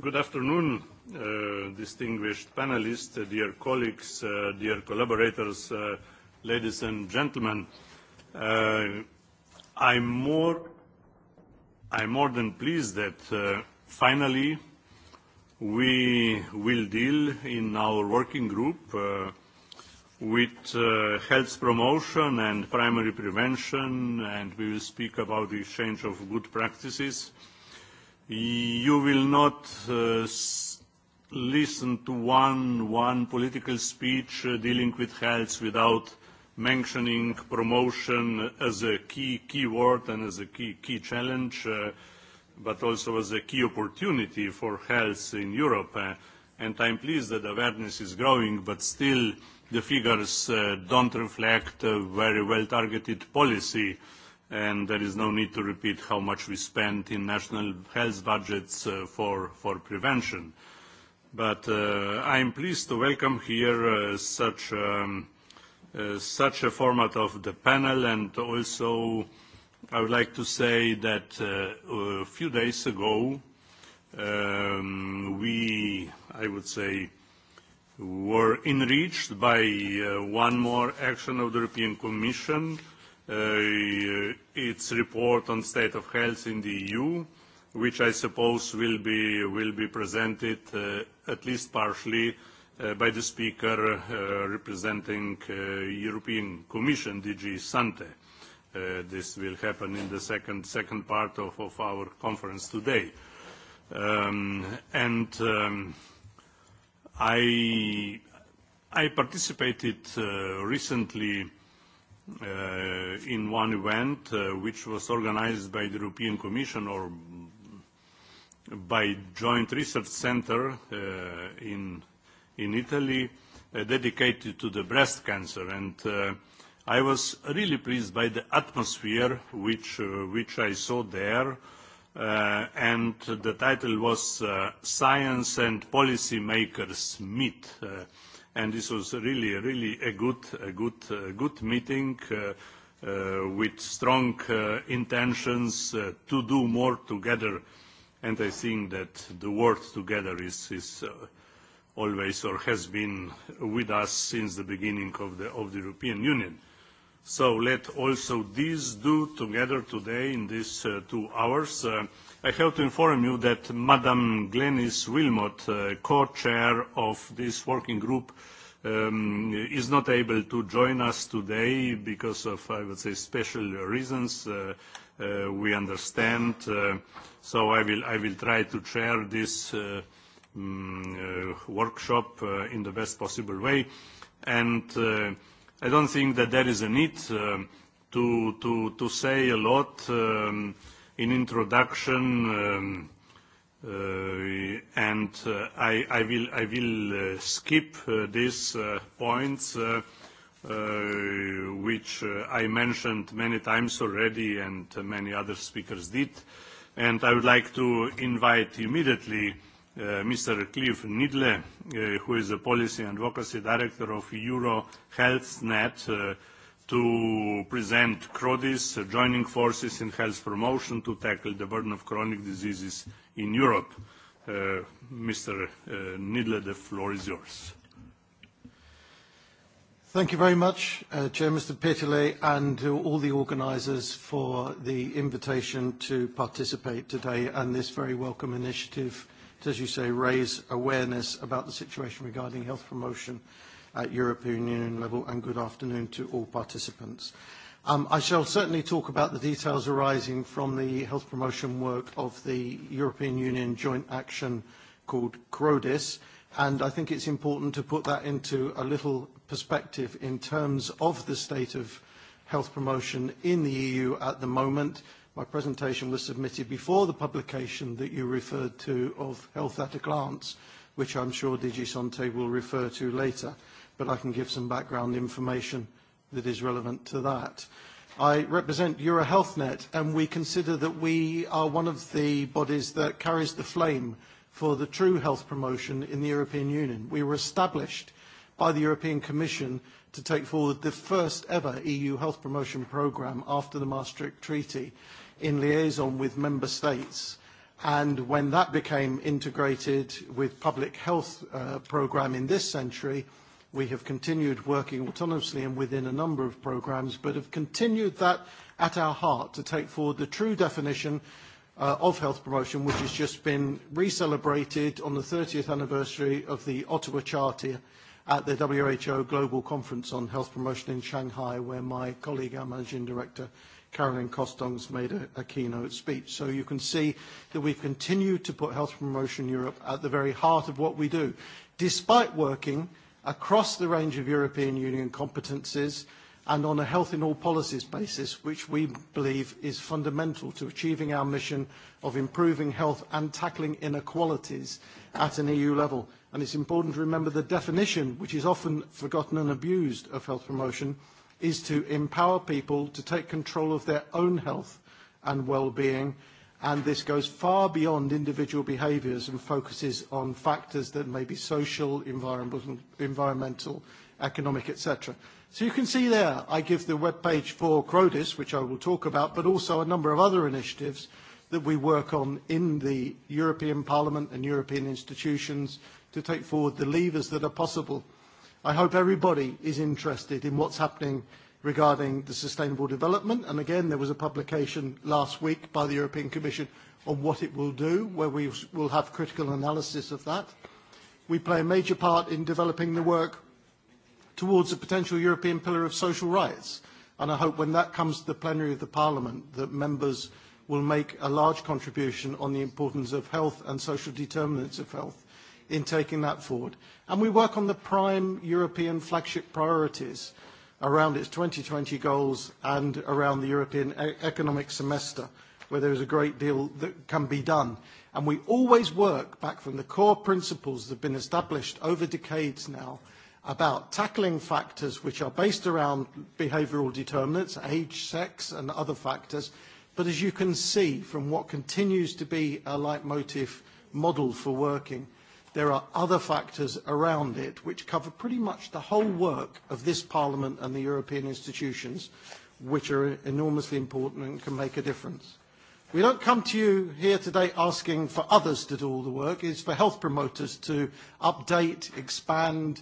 Good afternoon, uh, distinguished panelists, uh, dear colleagues, uh, dear collaborators, uh, ladies and gentlemen. Uh, I'm more I'm more than pleased that uh, finally we will deal in our working group uh, with uh, health promotion and primary prevention, and we will speak about the exchange of good practices. Uh, you will not uh, listen to one, one political speech uh, dealing with health without mentioning promotion as a key, key word and as a key, key challenge, uh, but also as a key opportunity for health in Europe. Uh, and I'm pleased that awareness is growing, but still the figures uh, don't reflect a very well-targeted policy uh, and there is no need to repeat how much we spend in national health budgets uh, for, for prevention. But uh, I am pleased to welcome here uh, such, um, uh, such a format of the panel and also I would like to say that uh, a few days ago um, we, I would say, were enriched by uh, one more action of the European Commission uh, uh, its report on state of health in the EU, which I suppose will be, will be presented uh, at least partially uh, by the speaker uh, representing uh, European Commission, DG Sante. Uh, this will happen in the second, second part of, of our conference today. Um, and um, I, I participated uh, recently uh, uh, in one event uh, which was organized by the European Commission or by Joint Research Center uh, in, in Italy uh, dedicated to the breast cancer. And uh, I was really pleased by the atmosphere which, uh, which I saw there. Uh, and the title was uh, Science and Policymakers Meet. Uh, and this was really, really a good, a good, a good meeting uh, uh, with strong uh, intentions uh, to do more together. And I think that the word together is, is uh, always or has been with us since the beginning of the, of the European Union. So let also these do together today in these uh, two hours. Uh, I have to inform you that Madam Glenis Wilmot, uh, co-chair of this working group, um, is not able to join us today because of, I would say, special reasons. Uh, uh, we understand. Uh, so I will, I will try to chair this uh, um, uh, workshop uh, in the best possible way. And uh, I don't think that there is a need uh, to, to, to say a lot. Um, uh, in introduction, um, uh, and uh, I, I will, I will uh, skip uh, these uh, points uh, uh, which uh, I mentioned many times already and uh, many other speakers did. And I would like to invite immediately uh, Mr. Cliff Nidle, uh, who is the Policy and Advocacy Director of Euro Health Net, uh, to present CRODIS, uh, Joining Forces in Health Promotion to Tackle the Burden of Chronic Diseases in Europe. Uh, Mr. Uh, Nidle, the floor is yours. Thank you very much, uh, Chair Mr. Peterle, and to all the organizers for the invitation to participate today and this very welcome initiative to, as you say, raise awareness about the situation regarding health promotion at European Union level, and good afternoon to all participants. Um, I shall certainly talk about the details arising from the health promotion work of the European Union joint action called CRODIS, and I think it's important to put that into a little perspective in terms of the state of health promotion in the EU at the moment. My presentation was submitted before the publication that you referred to of Health at a Glance, which I'm sure DG Sante will refer to later but I can give some background information that is relevant to that. I represent EuroHealthNet, and we consider that we are one of the bodies that carries the flame for the true health promotion in the European Union. We were established by the European Commission to take forward the first ever EU health promotion programme after the Maastricht Treaty in liaison with member states. And when that became integrated with public health uh, programme in this century, uh, We have continued working autonomously and within a number of programs, but have continued that at our heart to take forward the true definition uh, of health promotion, which has just been re-celebrated on the 30th anniversary of the Ottawa Charter at the WHO Global Conference on Health Promotion in Shanghai, where my colleague, our Managing Director, Carolyn Costong's made a, a keynote speech. So you can see that we've continued to put Health Promotion Europe at the very heart of what we do, despite working – across the range of European Union competencies and on a health in all policies basis, which we believe is fundamental to achieving our mission of improving health and tackling inequalities at an EU level. And it's important to remember the definition, which is often forgotten and abused, of health promotion is to empower people to take control of their own health and well-being and this goes far beyond individual behaviours and focuses on factors that may be social, environmental, environmental economic, etc. So you can see there, I give the web page for CRODIS, which I will talk about, but also a number of other initiatives that we work on in the European Parliament and European institutions to take forward the levers that are possible. I hope everybody is interested in what's happening regarding the sustainable development. And again, there was a publication last week by the European Commission on what it will do, where we will have critical analysis of that. We play a major part in developing the work towards a potential European pillar of social rights. And I hope when that comes to the plenary of the Parliament, that members will make a large contribution on the importance of health and social determinants of health in taking that forward. And we work on the prime European flagship priorities. Uh, around its 2020 goals and around the European e economic semester, where there is a great deal that can be done. And we always work back from the core principles that have been established over decades now about tackling factors which are based around behavioural determinants, age, sex and other factors. But as you can see from what continues to be a leitmotif model for working, there are other factors around it which cover pretty much the whole work of this Parliament and the European institutions, which are enormously important and can make a difference. We don't come to you here today asking for others to do all the work. It's for health promoters to update, expand,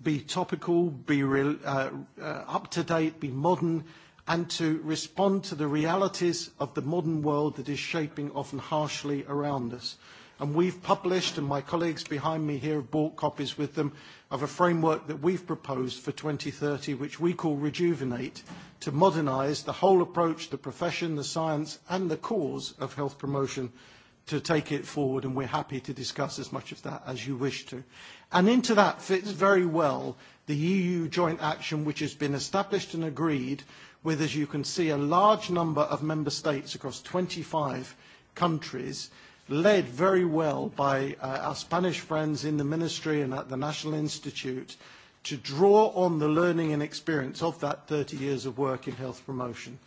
be topical, be re- uh, uh, up to date, be modern, and to respond to the realities of the modern world that is shaping often harshly around us. Uh, And we've published, and my colleagues behind me here have bought copies with them, of a framework that we've proposed for 2030, which we call Rejuvenate, to modernize the whole approach, the profession, the science, and the cause of health promotion to take it forward, and we're happy to discuss as much of that as you wish to. And into that fits very well the EU joint action, which has been established and agreed with, as you can see, a large number of member states across 25 countries, led very well by uh, our Spanish friends in the ministry and at the National Institute to draw on the learning and experience of that 30 years of work in health promotion,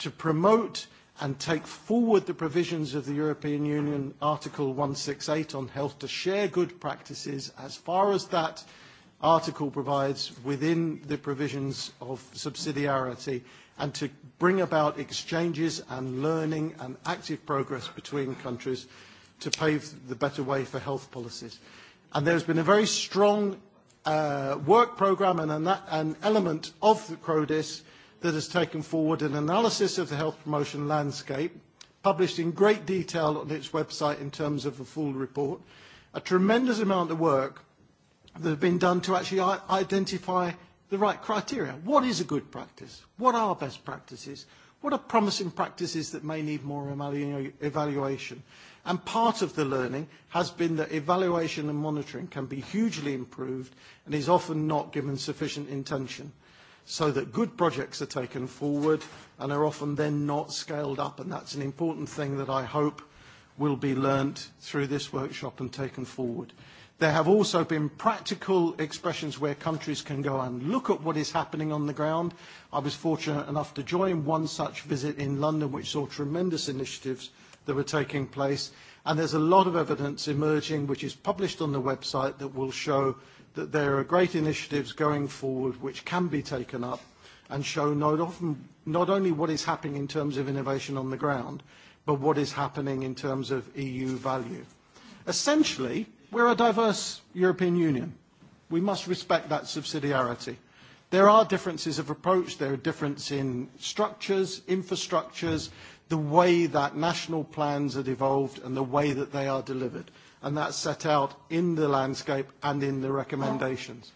to promote and take forward the provisions of the European Union Article 168 on health to share good practices as far as that article provides within the provisions of subsidiarity and to bring about exchanges and learning and active progress between countries to pave the better way for health policies. And there's been a very strong uh, work programme and an, an element of the CRODIS that has taken forward an analysis of the health promotion landscape, published in great detail on its website in terms of a full report. A tremendous amount of work that has been done to actually identify the right criteria. What is a good practice? What are best practices? What are promising practices that may need more evaluation? And part of the learning has been that evaluation and monitoring can be hugely improved and is often not given sufficient intention so that good projects are taken forward and are often then not scaled up. And that's an important thing that I hope will be learnt through this workshop and taken forward. There have also been practical expressions where countries can go and look at what is happening on the ground. I was fortunate enough to join one such visit in London, which saw tremendous initiatives that were taking place. And there's a lot of evidence emerging, which is published on the website, that will show that there are great initiatives going forward which can be taken up and show not, often, not only what is happening in terms of innovation on the ground, but what is happening in terms of EU value. Essentially, we're a diverse European Union. We must respect that subsidiarity. There are differences of approach. There are differences in structures, infrastructures, the way that national plans are evolved and the way that they are delivered. And that's set out in the landscape and in the recommendations.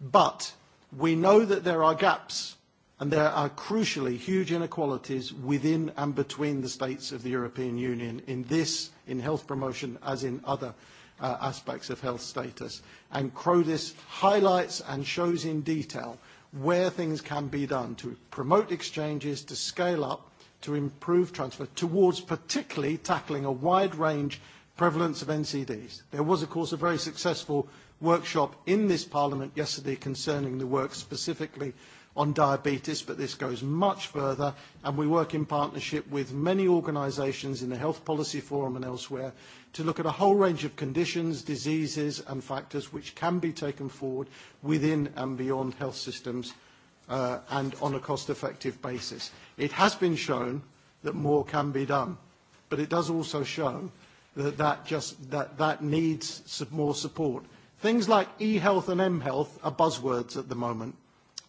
But we know that there are gaps and there are crucially huge inequalities within and between the states of the European Union in this, in health promotion, as in other uh, aspects of health status. And CRODIS highlights and shows in detail where things can be done to promote exchanges, to scale up, to improve transfer towards particularly tackling a wide range prevalence of NCDs. There was, of course, a very successful workshop in this parliament yesterday concerning the work specifically on diabetes, but this goes much further, and we work in partnership with many organizations in the Health Policy Forum and elsewhere to look at a whole range of conditions, diseases, and factors which can be taken forward within and beyond health systems uh, and on a cost-effective basis. It has been shown that more can be done, but it does also show that that, just, that, that needs some more support. Things like e-health and m-health are buzzwords at the moment,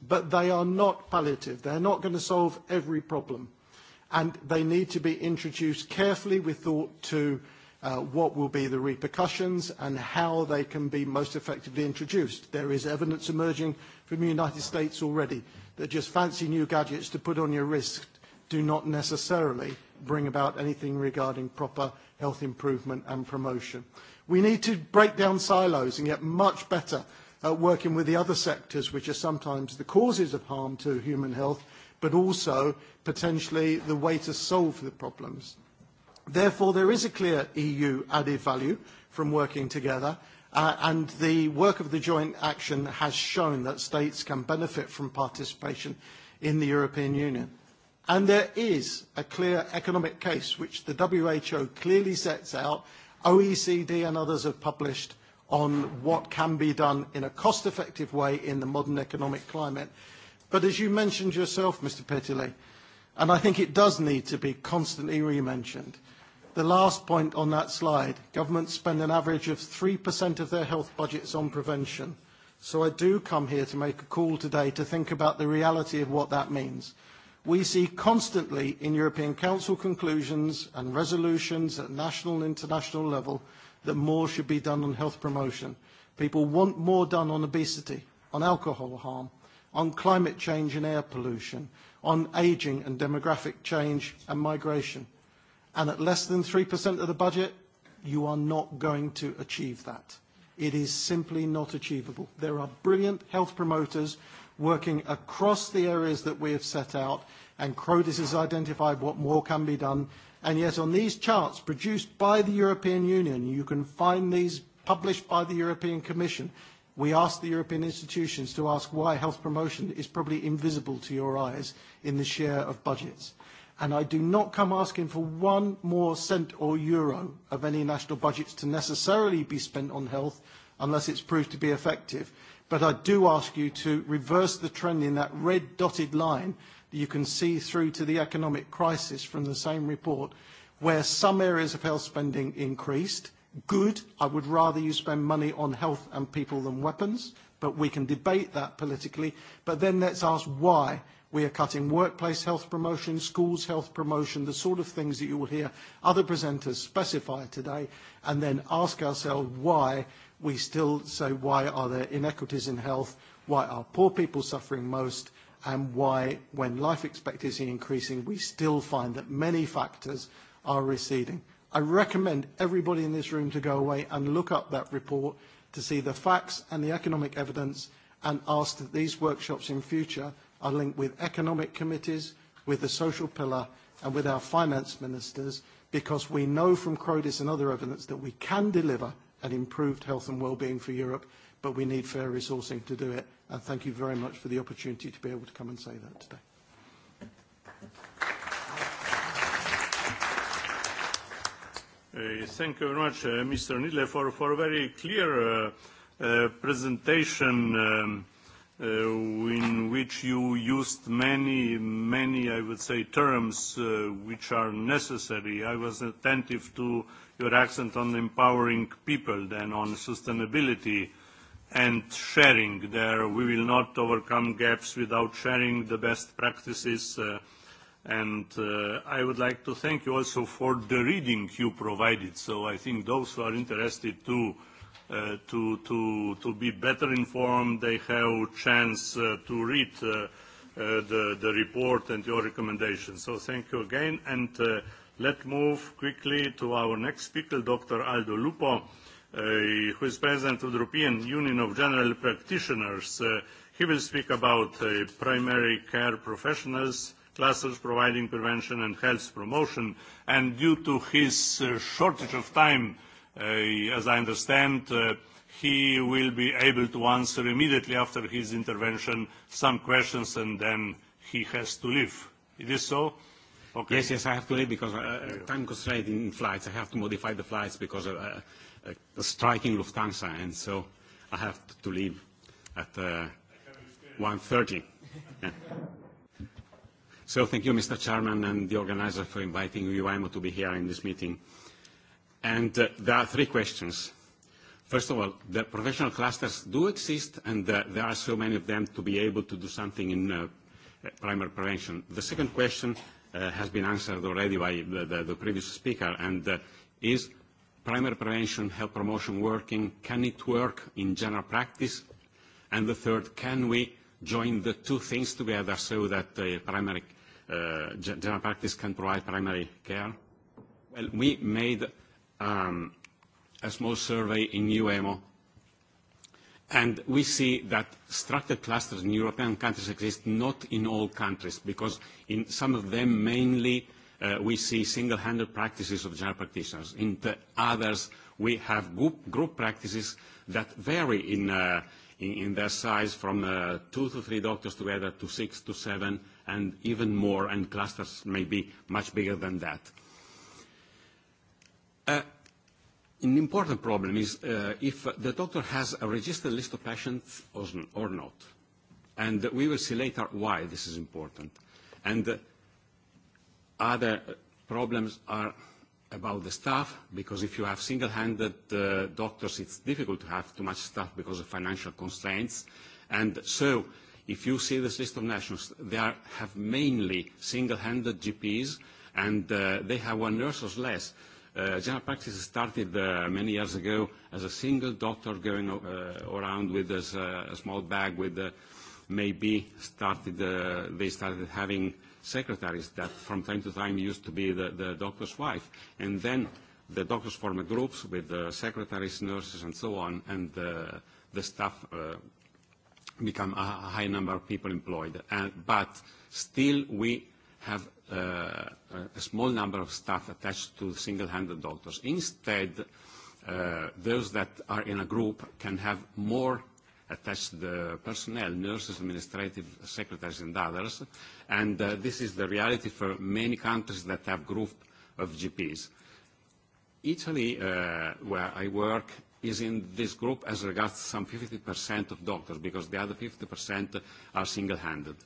but they are not palliative. They're not going to solve every problem, and they need to be introduced carefully with thought to uh, what will be the repercussions and how they can be most effectively introduced. There is evidence emerging from the United States already that just fancy new gadgets to put on your wrist do not necessarily bring about anything regarding proper health improvement and promotion. We need to break down silos and get much better at working with the other sectors, which are sometimes the causes of harm to human health, but also potentially the way to solve the problems. Therefore, there is a clear EU added value from working together, Uh, and the work of the joint action has shown that states can benefit from participation in the European Union. And there is a clear economic case, which the WHO clearly sets out, OECD and others have published on what can be done in a cost-effective way in the modern economic climate. But as you mentioned yourself, Mr. Petillet, and I think it does need to be constantly re-mentioned, uh, The last point on that slide, governments spend an average of 3% of their health budgets on prevention. So I do come here to make a call today to think about the reality of what that means. We see constantly in European Council conclusions and resolutions at national and international level that more should be done on health promotion. People want more done on obesity, on alcohol harm, on climate change and air pollution, on aging and demographic change and migration and at less than 3% of the budget, you are not going to achieve that. It is simply not achievable. There are brilliant health promoters working across the areas that we have set out, and Crodas has identified what more can be done. And yet on these charts produced by the European Union, you can find these published by the European Commission. We ask the European institutions to ask why health promotion is probably invisible to your eyes in the share of budgets and I do not come asking for one more cent or euro of any national budgets to necessarily be spent on health unless it's proved to be effective. But I do ask you to reverse the trend in that red dotted line that you can see through to the economic crisis from the same report, where some areas of health spending increased. Good. I would rather you spend money on health and people than weapons, but we can debate that politically. But then let's ask why We are cutting workplace health promotion, schools health promotion, the sort of things that you will hear other presenters specify today, and then ask ourselves why we still say, why are there inequities in health? Why are poor people suffering most? And why, when life expectancy increasing, we still find that many factors are receding. I recommend everybody in this room to go away and look up that report to see the facts and the economic evidence and ask that these workshops in future are linked with economic committees, with the social pillar, and with our finance ministers, because we know from CRODIS and other evidence that we can deliver an improved health and well-being for Europe, but we need fair resourcing to do it. And thank you very much for the opportunity to be able to come and say that today. Uh, thank you very much, uh, Mr. Needler, for, for a very clear uh, uh presentation um, uh, in which you used many, many, I would say, terms uh, which are necessary. I was attentive to your accent on empowering people, then on sustainability and sharing. There we will not overcome gaps without sharing the best practices. Uh, and uh, I would like to thank you also for the reading you provided. So I think those who are interested to uh, uh, to, to, to be better informed. They have chance uh, to read uh, uh, the, the report and your recommendations. So thank you again. And uh, let's move quickly to our next speaker, Dr. Aldo Lupo, uh, who is president of the European Union of General Practitioners. Uh, he will speak about uh, primary care professionals, clusters providing prevention and health promotion. And due to his uh, shortage of time, uh, Uh, as I understand, uh, he will be able to answer immediately after his intervention some questions, and then he has to leave. It is so? Okay. Yes, yes, I have to leave because uh, uh time constraint in flights. I have to modify the flights because of uh, uh, striking Lufthansa, and so I have to leave at uh, 1.30. yeah. So thank you, Mr. Chairman, and the organizer for inviting UIMO to be here in this meeting. And uh, there are three questions. First of all, the professional clusters do exist, and uh, there are so many of them to be able to do something in uh, primary prevention. The second question uh, has been answered already by the, the, the previous speaker, and uh, is primary prevention, health promotion working? Can it work in general practice? And the third, can we join the two things together so that uh, primary, uh, general practice can provide primary care? Well, we made um, a small survey in new EMO, and we see that structured clusters in European countries exist not in all countries, because in some of them mainly uh, we see single-handed practices of general practitioners. In the others, we have group, group practices that vary in, uh, in, in their size from uh, two to three doctors together to six to seven and even more, and clusters may be much bigger than that. Uh, Uh, an important problem is uh, if the doctor has a registered list of patients or, or not. And we will see later why this is important. And uh, other problems are about the staff, because if you have single-handed uh, doctors, it's difficult to have too much staff because of financial constraints. And so if you see this list of nationals, they are, have mainly single-handed GPs, and uh, they have one nurse or less. Uh, Uh, general practice started uh, many years ago as a single doctor going uh, around with this, uh, a small bag with uh, maybe started, uh, they started having secretaries that from time to time used to be the, the doctor's wife. And then the doctors formed groups with the secretaries, nurses, and so on, and the, uh, the staff uh, become a high number of people employed. And, uh, but still we have uh, a small number of staff attached to single-handed doctors. Instead, uh, those that are in a group can have more attached uh, personnel, nurses, administrative secretaries, and others. And uh, this is the reality for many countries that have group of GPs. Italy, uh, where I work, is in this group as regards some 50% of doctors, because the other 50% are single-handed. Uh,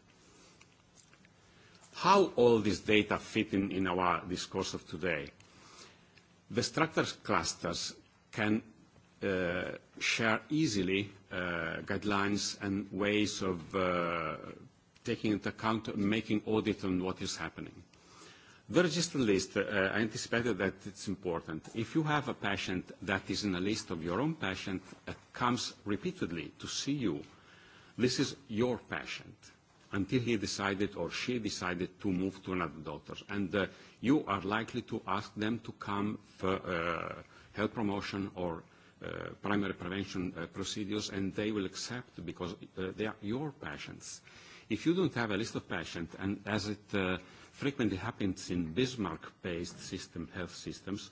how all this data fit in, in our discourse of today. The structures clusters can uh, share easily uh, guidelines and ways of uh, taking into account making audit on what is happening. The register list, uh, I anticipated that it's important. If you have a patient that is in a list of your own patient that comes repeatedly to see you, this is your patient. Uh, until he decided or she decided to move to another daughter. And uh, you are likely to ask them to come for uh, health promotion or uh, primary prevention uh, procedures, and they will accept because uh, they are your patients. If you don't have a list of patients, and as it uh, frequently happens in Bismarck-based system, health systems,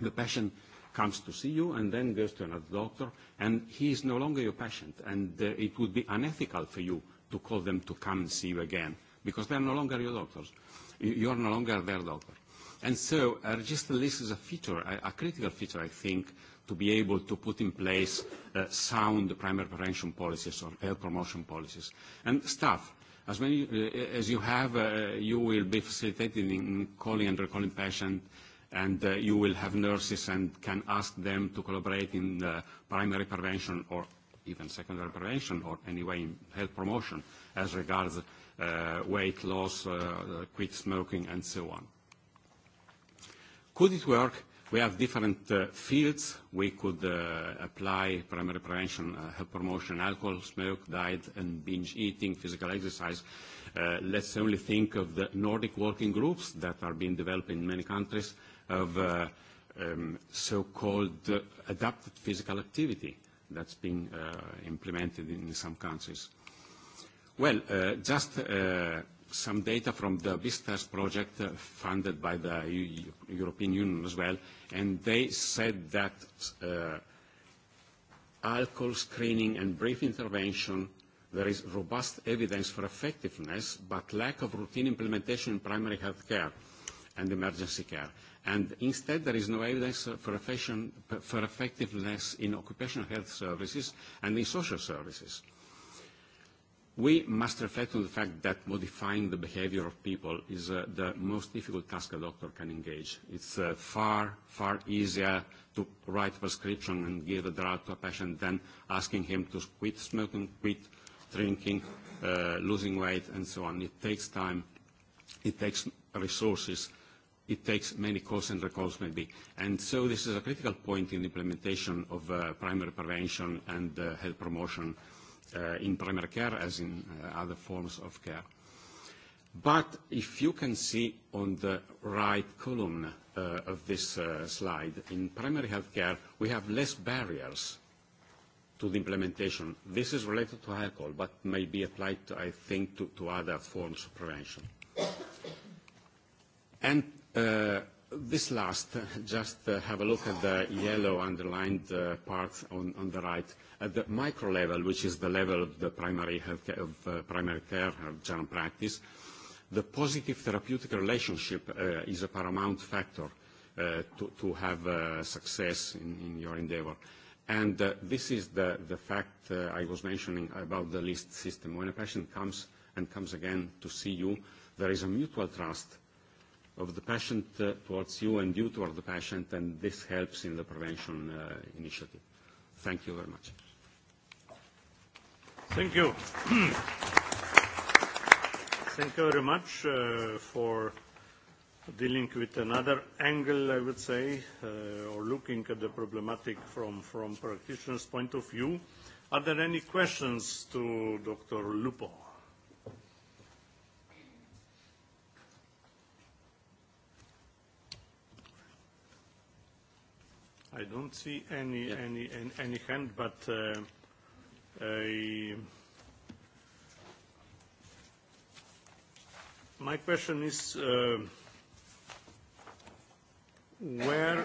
the patient comes to see you and then goes to another doctor, and he is no longer your patient, and uh, it would be unethical for you uh, to call them to come and see you again because they're no longer your doctors. You are no longer their doctor. And so a register list is a feature, a, a critical feature, I think, to be able to put in place uh, sound primary prevention policies or health promotion policies. And staff, as, many, uh, as you have, uh, you will be facilitated in calling and recalling patients and uh, you will have nurses and can ask them to collaborate in uh, primary prevention or even secondary prevention or anyway health promotion as regards uh, weight loss, uh, quit smoking, and so on. Could it work? We have different uh, fields. We could uh, apply primary prevention, uh, health promotion, alcohol, smoke, diet, and binge eating, physical exercise. Uh, let's only think of the Nordic working groups that are being developed in many countries of uh, um, so-called uh, adapted physical activity that's being uh, implemented in some countries. Well, uh, just uh, some data from the Vistas project uh, funded by the EU, European Union as well, and they said that uh, alcohol screening and brief intervention, there is robust evidence for effectiveness, but lack of routine implementation in primary health care and emergency care. And instead, there is no evidence for, fashion, for effectiveness in occupational health services and in social services. We must reflect on the fact that modifying the behavior of people is uh, the most difficult task a doctor can engage. It's uh, far, far easier to write a prescription and give a drug to a patient than asking him to quit smoking, quit drinking, uh, losing weight, and so on. It takes time. It takes resources it takes many calls and recalls maybe. And so this is a critical point in implementation of uh, primary prevention and uh, health promotion uh, in primary care as in uh, other forms of care. But if you can see on the right column uh, of this uh, slide, in primary health care, we have less barriers to the implementation. This is related to alcohol, but may be applied, to, I think, to, to other forms of prevention. And Uh, this last, just uh, have a look at the yellow underlined uh, part on, on the right. At the micro level, which is the level of the primary healthcare, of uh, primary care, of uh, general practice, the positive therapeutic relationship uh, is a paramount factor uh, to, to have uh, success in, in your endeavor. And uh, this is the, the fact uh, I was mentioning about the list system. When a patient comes and comes again to see you, there is a mutual trust of the patient uh, towards you and you toward the patient, and this helps in the prevention uh, initiative. Thank you very much. Thank you. Thank you very much uh, for dealing with another angle, I would say, uh, or looking at the problematic from, from practitioner's point of view. Are there any questions to Dr. Lupo? I don't see any, yeah. any, any, any hand, but uh, I, my question is uh, where,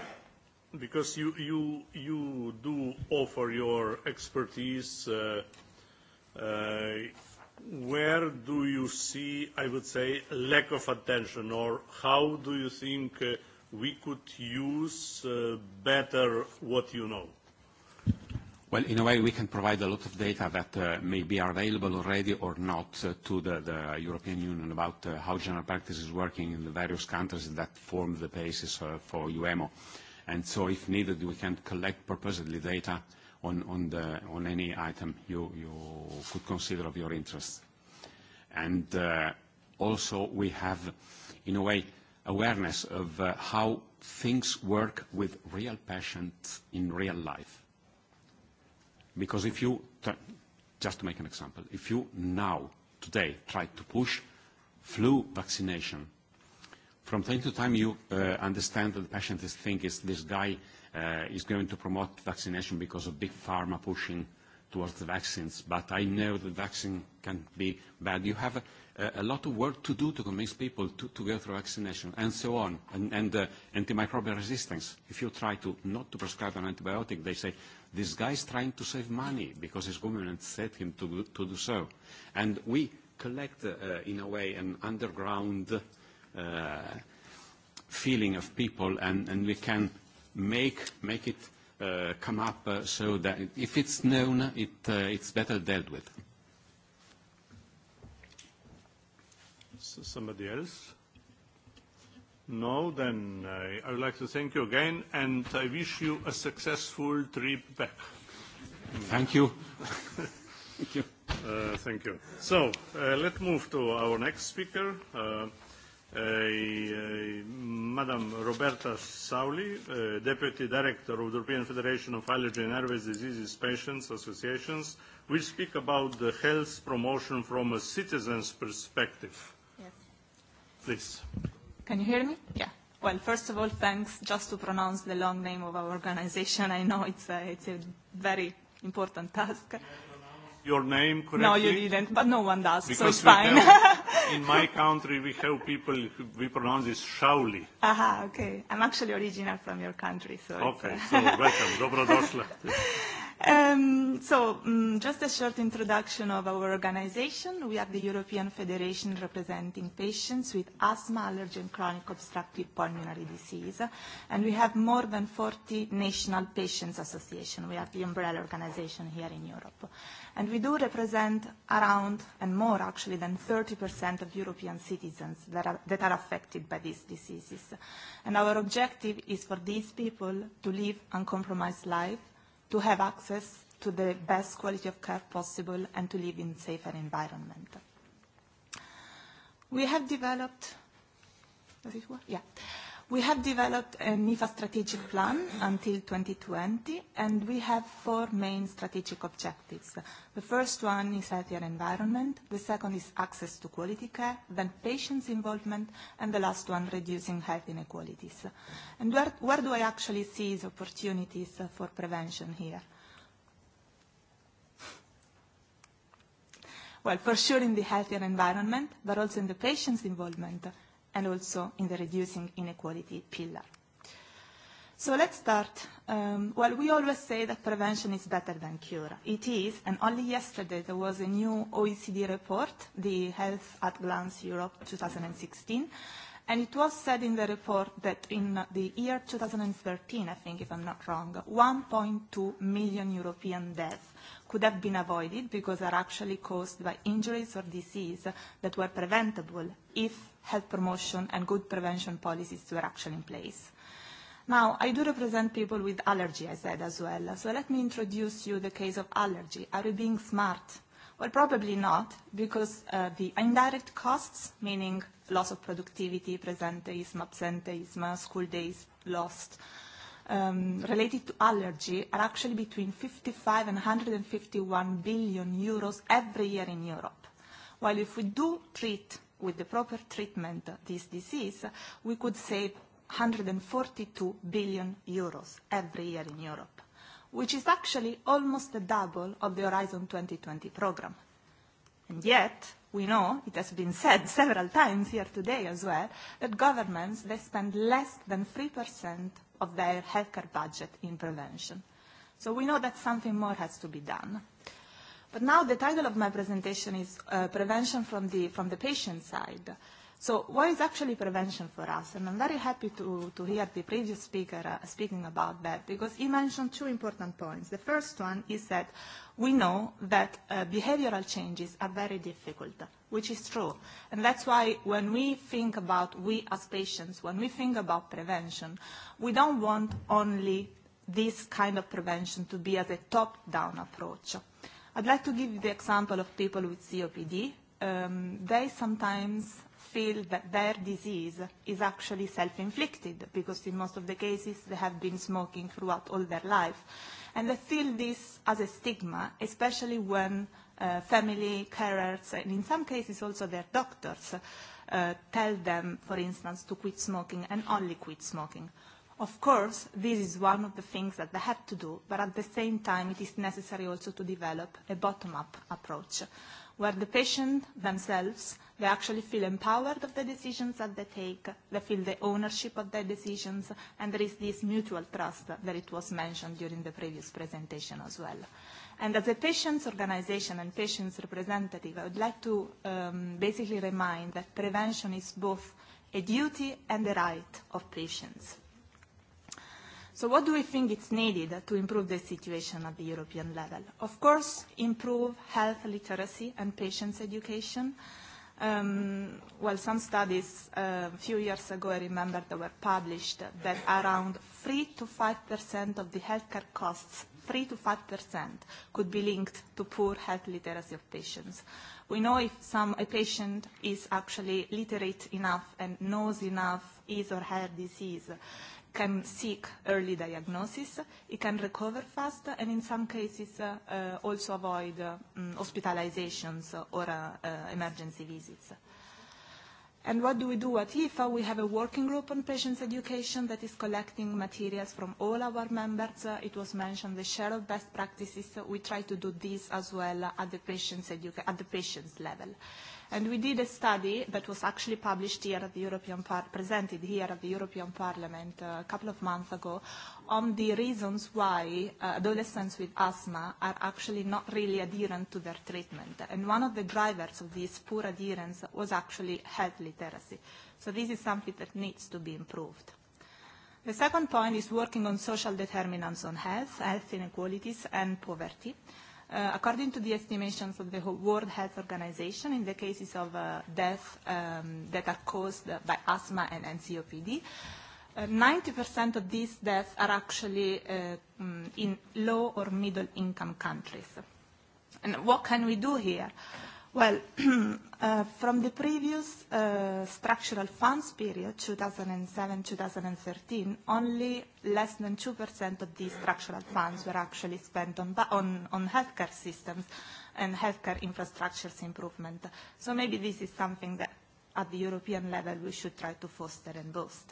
because you, you, you do offer your expertise, uh, uh, where do you see, I would say, lack of attention, or how do you think uh, we could use uh, better what you know? Well, in a way, we can provide a lot of data that uh, may be available already or not uh, to the, the European Union about uh, how general practice is working in the various countries that form the basis uh, for UEMO. And so if needed, we can collect purposely data on, on, the, on any item you, you could consider of your interest. And uh, also we have, in a way, uh, awareness of uh, how things work with real patients in real life. Because if you, just to make an example, if you now, today, try to push flu vaccination, from time to time you uh, understand that the patient is thinking this guy uh, is going to promote vaccination because of big pharma pushing towards the vaccines, but I know the vaccine can be bad. You have uh, a lot of work to do to convince people to, to go through vaccination and so on, and, and uh, antimicrobial resistance. If you try to not to prescribe an antibiotic, they say, this guy is trying to save money because his government said him to, do, to do so. And we collect, uh, uh in a way, an underground uh, feeling of people, and, and we can make, make it uh, come up uh, so that if it's known, it, uh, it's better dealt with. S somebody else? No, then I, uh, I would like to thank you again, and I wish you a successful trip back. Thank you. thank you. Uh, thank you. So uh, let's move to our next speaker, uh, Madam Roberta Sauli, uh, Deputy Director of the European Federation of Allergy and Nervous Diseases Patients Associations, will speak about the health promotion from a citizen's perspective please. Can you hear me? Yeah. Well, first of all, thanks just to pronounce the long name of our organization. I know it's a, it's a very important task. Your name correctly? No, you didn't, but no one does, because so it's fine. Have, in my country, we have people, who, we pronounce it Shauli. Aha, okay. I'm actually original from your country, so. Okay, it's, uh... so welcome. Dobro došla. Um, so, um, just a short introduction of our organization. We are the European Federation representing patients with asthma, allergy, and chronic obstructive pulmonary disease. And we have more than 40 national patients association. We are the umbrella organization here in Europe. And we do represent around, and more actually, than 30% of European citizens that are, that are affected by these diseases. And our objective is for these people to live uncompromised life to have access to the best quality of care possible and to live in safer environment. We have developed, does it work? Yeah. We have developed a MIFA strategic plan until 2020, and we have four main strategic objectives. The first one is healthier environment, the second is access to quality care, then patients' involvement, and the last one, reducing health inequalities. And where, where do I actually see the opportunities for prevention here? Well, for sure in the healthier environment, but also in the patient's involvement and also in the reducing inequality pillar. So let's start. Um, well, we always say that prevention is better than cure. It is, and only yesterday there was a new OECD report, the Health at Glance Europe 2016, and it was said in the report that in the year 2013, I think if I'm not wrong, 1.2 million European deaths could have been avoided because are actually caused by injuries or disease that were preventable if health promotion and good prevention policies were actually in place. Now, I do represent people with allergy, I said as well. So let me introduce you the case of allergy. Are we being smart? Well, probably not, because uh, the indirect costs, meaning loss of productivity, presenteeism, absenteeism, school days lost, uh, um, related to allergy are actually between 55 and 151 billion euros every year in Europe. While if we do treat with the proper treatment this disease, we could save 142 billion euros every year in Europe, which is actually almost the double of the Horizon 2020 program. And yet, we know, it has been said several times here today as well, that governments, they spend less than 3% of their healthcare budget in prevention. So we know that something more has to be done. But now the title of my presentation is uh, Prevention from the, from the Patient Side. Uh, So what is actually prevention for us? And I'm very happy to, to hear the previous speaker uh, speaking about that because he mentioned two important points. The first one is that we know that uh, behavioral changes are very difficult, which is true. And that's why when we think about we as patients, when we think about prevention, we don't want only this kind of prevention to be as a top-down approach. I'd like to give you the example of people with COPD. Um, they sometimes feel that their disease is actually self-inflicted because in most of the cases they have been smoking throughout all their life. And they feel this as a stigma, especially when uh, family carers and in some cases also their doctors uh, tell them, for instance, to quit smoking and only quit smoking. Of course, this is one of the things that they have to do, but at the same time, it is necessary also to develop a bottom-up approach where the patient themselves, they actually feel empowered of the decisions that they take, they feel the ownership of their decisions, and there is this mutual trust that it was mentioned during the previous presentation as well. And as a patient's organization and patient's representative, I would like to um, basically remind that prevention is both a duty and a right of patients. So what do we think is needed to improve the situation at the European level? Of course, improve health literacy and patients' education. Um, well, some studies uh, a few years ago, I remember, that were published that around 3 to 5% of the healthcare costs, 3 to 5%, could be linked to poor health literacy of patients. We know if some, a patient is actually literate enough and knows enough his or her disease can seek early diagnosis, it can recover fast, and in some cases uh, uh, also avoid uh, um, hospitalizations or uh, uh, emergency visits. And what do we do at IFA? We have a working group on patients' education that is collecting materials from all our members. Uh, it was mentioned the share of best practices. So we try to do this as well at the patient's, educa- at the patient's level. Uh, And we did a study that was actually published here at the European Par presented here at the European Parliament uh, a couple of months ago on the reasons why uh, adolescents with asthma are actually not really adherent to their treatment. And one of the drivers of this poor adherence was actually health literacy. So this is something that needs to be improved. The second point is working on social determinants on health, health inequalities and poverty. Uh, Uh, according to the estimations of the World Health Organization, in the cases of uh, death um, that are caused by asthma and NCOPD, uh, 90% of these deaths are actually uh, mm, in low or middle income countries. And what can we do here? Uh, Well, uh, from the previous uh, structural funds period, 2007-2013, only less than 2% of these structural funds were actually spent on, on, on healthcare systems and healthcare infrastructures improvement. So maybe this is something that at the European level we should try to foster and boost.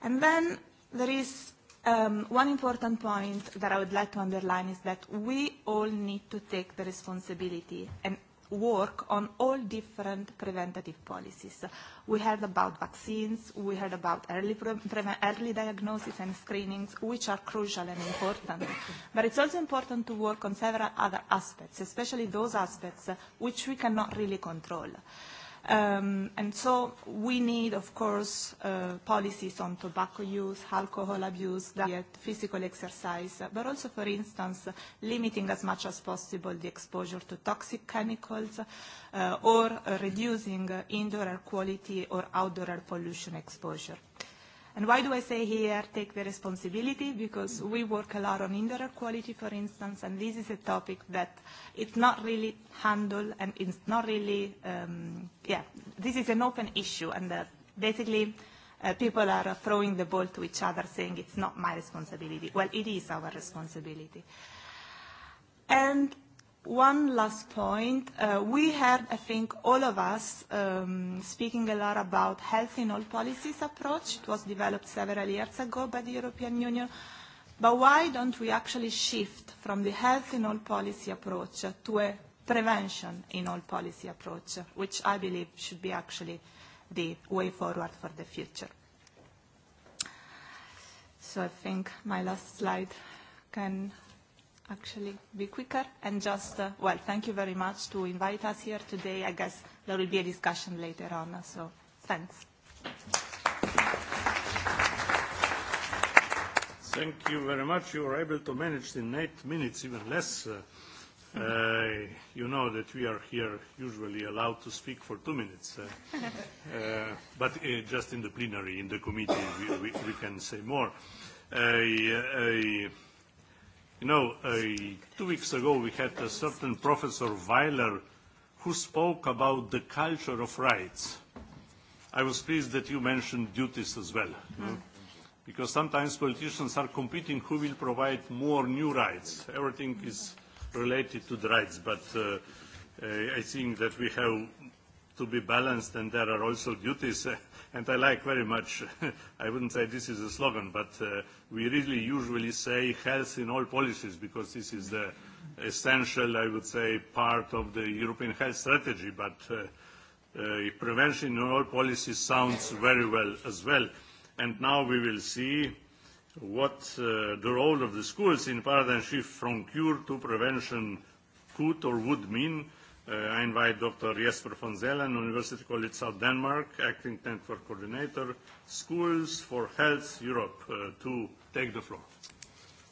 And then there is Um, one important point that I would like to underline is that we all need to take the responsibility and work on all different preventative policies. We heard about vaccines, we heard about early, pre pre early diagnosis and screenings, which are crucial and important. But it's also important to work on several other aspects, especially those aspects which we cannot really control. Uh, Um, and so we need, of course, uh, policies on tobacco use, alcohol abuse, diet, physical exercise, but also, for instance, limiting as much as possible the exposure to toxic chemicals uh, or uh, reducing uh, indoor air quality or outdoor air pollution exposure. Uh, And why do I say here take the responsibility? Because we work a lot on indoor air quality, for instance, and this is a topic that it's not really handled and it's not really, um, yeah, this is an open issue and uh, basically uh, people are uh, throwing the ball to each other saying it's not my responsibility. Well, it is our responsibility. And One last point. Uh, we heard, I think, all of us um, speaking a lot about health in all policies approach. It was developed several years ago by the European Union. But why don't we actually shift from the health in all policy approach to a prevention in all policy approach, which I believe should be actually the way forward for the future. So I think my last slide can actually be quicker and just, uh, well, thank you very much to invite us here today. I guess there will be a discussion later on, uh, so thanks. Thank you very much. You were able to manage in eight minutes, even less. Uh, uh, you know that we are here usually allowed to speak for two minutes. Uh, uh, but uh, just in the plenary, in the committee, we, we, we can say more. Uh, uh, You know, uh, two weeks ago we had a certain Professor Weiler who spoke about the culture of rights. I was pleased that you mentioned duties as well, mm. you know, because sometimes politicians are competing who will provide more new rights. Everything is related to the rights, but uh, uh, I think that we have to be balanced, and there are also duties. Uh, and I like very much, I wouldn't say this is a slogan, but uh, we really usually say health in all policies because this is the essential, I would say, part of the European health strategy. But uh, uh, prevention in all policies sounds very well as well. And now we will see what uh, the role of the schools in paradigm shift from cure to prevention could or would mean Uh, I invite Dr. Jesper von Zelen, University College South Denmark, Acting Network Coordinator, Schools for Health Europe, uh, to take the floor.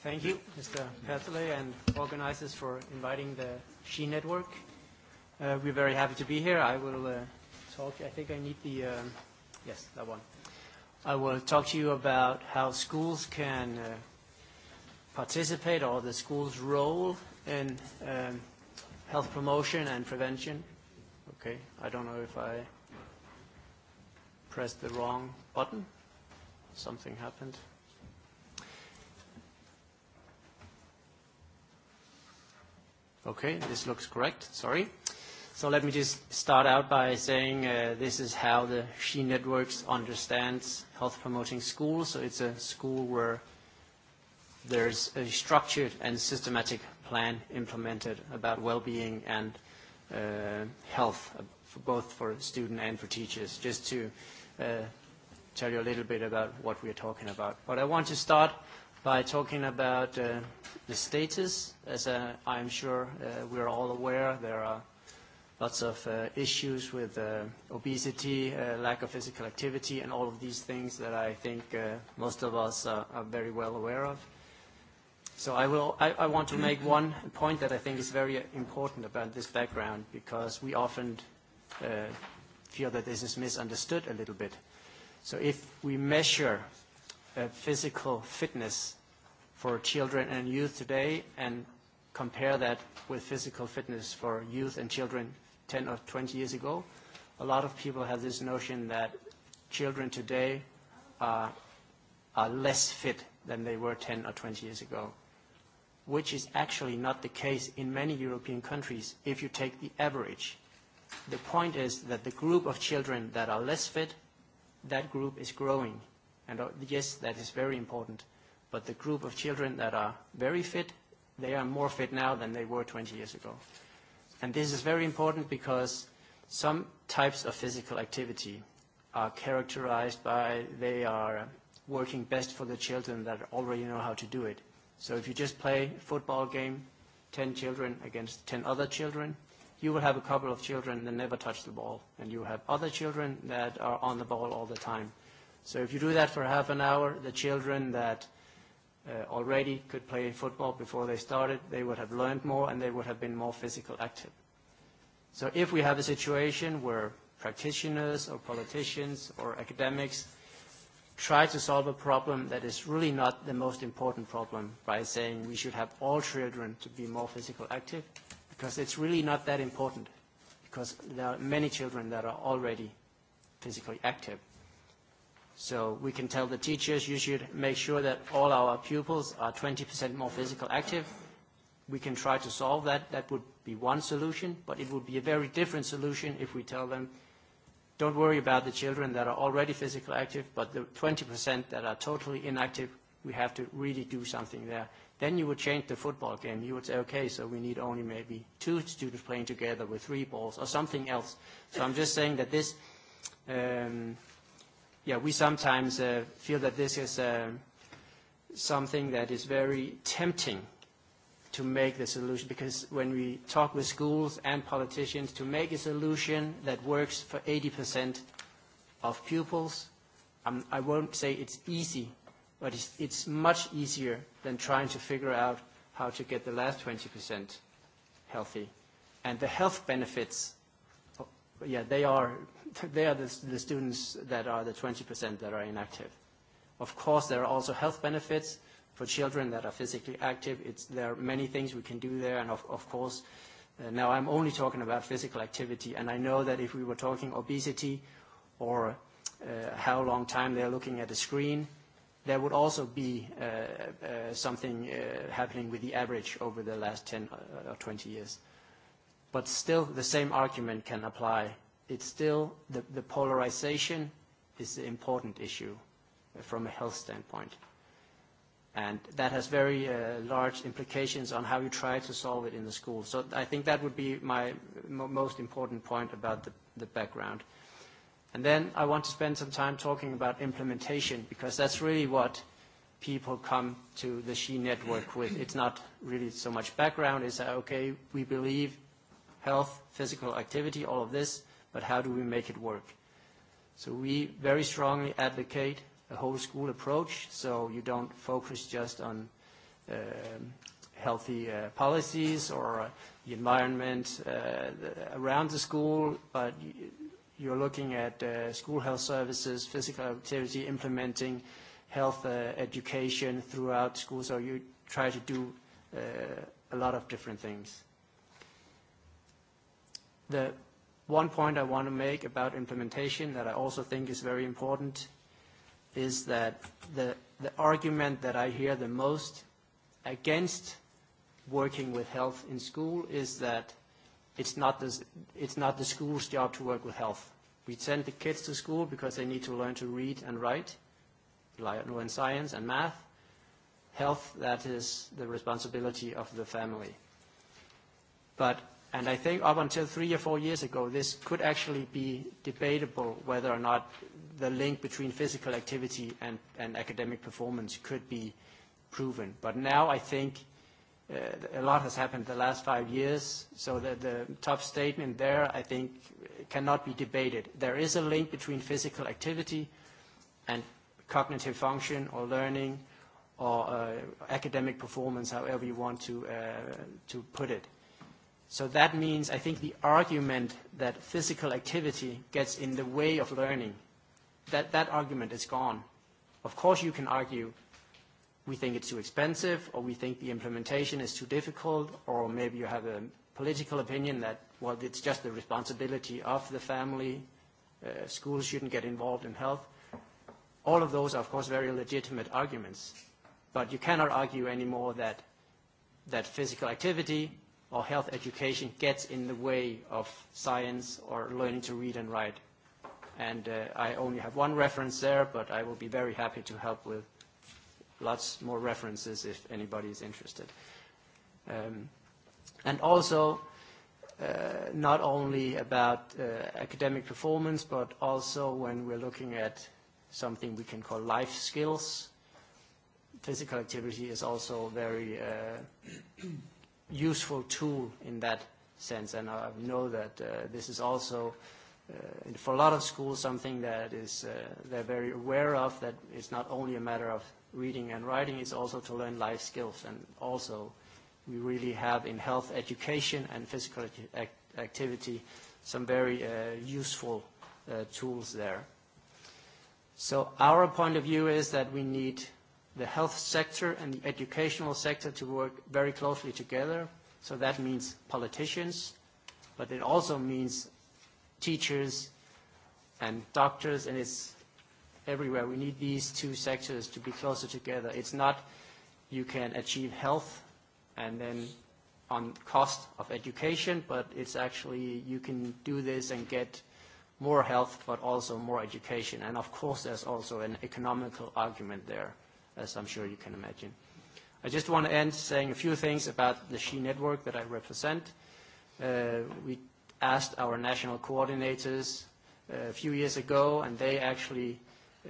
Thank you, Mr. Pertele, and organizers for inviting the SHE Network. Uh, we're very happy to be here. I will uh, talk, I think I need the, um, yes, that one. I will talk to you about how schools can uh, participate or the school's role in um, health promotion and prevention. Okay, I don't know if I pressed the wrong button. Something happened. Okay, this looks correct. Sorry. So let me just start out by saying uh, this is how the She Networks understands health promoting schools. So it's a school where there's a structured and systematic plan implemented about well-being and uh, health, uh, for both for student and for teachers, just to uh, tell you a little bit about what we're talking about. But I want to start by talking about uh, the status. As uh, I'm sure uh, we're all aware, there are lots of uh, issues with uh, obesity, uh, lack of physical activity, and all of these things that I think uh, most of us are, are very well aware of. So I, will, I, I want to make one point that I think is very important about this background because we often uh, feel that this is misunderstood a little bit. So if we measure uh, physical fitness for children and youth today and compare that with physical fitness for youth and children 10 or 20 years ago, a lot of people have this notion that children today are, are less fit than they were 10 or 20 years ago which is actually not the case in many European countries if you take the average. The point is that the group of children that are less fit, that group is growing. And uh, yes, that is very important. But the group of children that are very fit, they are more fit now than they were 20 years ago. And this is very important because some types of physical activity are characterized by they are working best for the children that already know how to do it So if you just play a football game, 10 children against 10 other children, you will have a couple of children that never touch the ball, and you have other children that are on the ball all the time. So if you do that for half an hour, the children that uh, already could play football before they started, they would have learned more and they would have been more physical active. So if we have a situation where practitioners or politicians or academics try to solve a problem that is really not the most important problem by saying we should have all children to be more physical active because it's really not that important because there are many children that are already physically active. So we can tell the teachers you should make sure that all our pupils are 20% more physical active. We can try to solve that. That would be one solution, but it would be a very different solution if we tell them Don't worry about the children that are already physically active, but the 20% that are totally inactive, we have to really do something there. Then you would change the football game. You would say, okay, so we need only maybe two students playing together with three balls or something else. So I'm just saying that this, um, yeah, we sometimes uh, feel that this is uh, something that is very tempting to make the solution because when we talk with schools and politicians to make a solution that works for 80% of pupils, um, I won't say it's easy, but it's, it's much easier than trying to figure out how to get the last 20% healthy. And the health benefits, oh, yeah, they are, they are the, the students that are the 20% that are inactive. Of course, there are also health benefits, for children that are physically active. It's, there are many things we can do there, and of, of course, uh, now I'm only talking about physical activity, and I know that if we were talking obesity or uh, how long time they're looking at a screen, there would also be uh, uh, something uh, happening with the average over the last 10 uh, or 20 years. But still, the same argument can apply. It's still the, the polarization is the important issue from a health standpoint. And that has very uh, large implications on how you try to solve it in the school. So I think that would be my m most important point about the, the background. And then I want to spend some time talking about implementation because that's really what people come to the SHE network with. It's not really so much background. It's uh, okay, we believe health, physical activity, all of this, but how do we make it work? So we very strongly advocate a whole school approach, so you don't focus just on um, healthy uh, policies or uh, the environment uh, the, around the school, but you're looking at uh, school health services, physical activity, implementing health uh, education throughout school, so you try to do uh, a lot of different things. The one point I want to make about implementation that I also think is very important is that the, the argument that I hear the most against working with health in school is that it's not, this, it's not the school's job to work with health. We send the kids to school because they need to learn to read and write, learn science and math. Health, that is the responsibility of the family. But, and I think up until three or four years ago, this could actually be debatable whether or not the link between physical activity and, and academic performance could be proven. But now I think uh, a lot has happened the last five years, so the, the top statement there, I think, cannot be debated. There is a link between physical activity and cognitive function or learning or uh, academic performance, however you want to, uh, to put it. So that means I think the argument that physical activity gets in the way of learning that, that argument is gone. Of course you can argue we think it's too expensive or we think the implementation is too difficult or maybe you have a political opinion that, well, it's just the responsibility of the family, uh, schools shouldn't get involved in health. All of those are, of course, very legitimate arguments. But you cannot argue anymore that, that physical activity or health education gets in the way of science or learning to read and write and uh, I only have one reference there, but I will be very happy to help with lots more references if anybody is interested. Um, and also, uh, not only about uh, academic performance, but also when we're looking at something we can call life skills, physical activity is also a very uh, useful tool in that sense. And I know that uh, this is also uh, uh, for a lot of schools something that is uh, they're very aware of that it's not only a matter of reading and writing it's also to learn life skills and also we really have in health education and physical act activity some very uh, useful uh, tools there. So our point of view is that we need the health sector and the educational sector to work very closely together. So that means politicians, but it also means teachers and doctors, and it's everywhere. We need these two sectors to be closer together. It's not you can achieve health and then on cost of education, but it's actually you can do this and get more health, but also more education. And of course, there's also an economical argument there, as I'm sure you can imagine. I just want to end saying a few things about the SHE network that I represent. Uh, we asked our national coordinators uh, a few years ago, and they actually,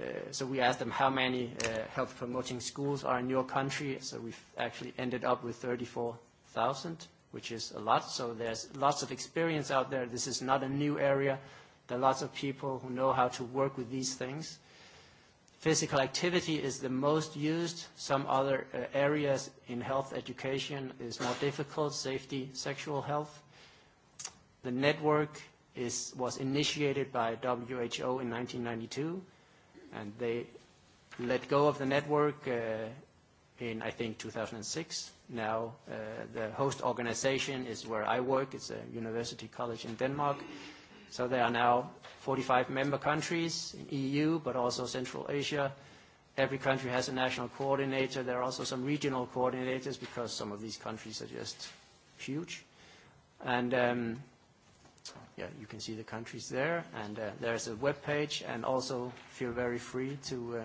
uh, so we asked them how many uh, health promoting schools are in your country. So we've actually ended up with 34,000, which is a lot. So there's lots of experience out there. This is not a new area. There are lots of people who know how to work with these things. Physical activity is the most used. Some other uh, areas in health education is more difficult, safety, sexual health. The network is, was initiated by WHO in 1992, and they let go of the network uh, in, I think, 2006. Now, uh, the host organization is where I work. It's a university college in Denmark. So there are now 45 member countries in EU, but also Central Asia. Every country has a national coordinator. There are also some regional coordinators because some of these countries are just huge. And um, yeah, you can see the countries there, and uh, there's a web page, and also feel very free to uh,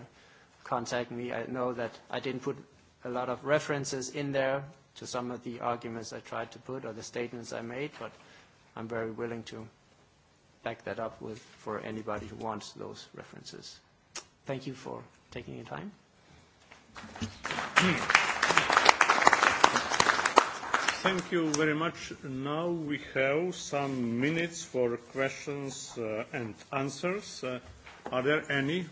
contact me. I know that I didn't put a lot of references in there to some of the arguments I tried to put or the statements I made, but I'm very willing to back that up with for anybody who wants those references. Thank you for taking your time. Thank you. Thank you very much. Now we have some minutes for questions uh, and answers. Uh, are there any?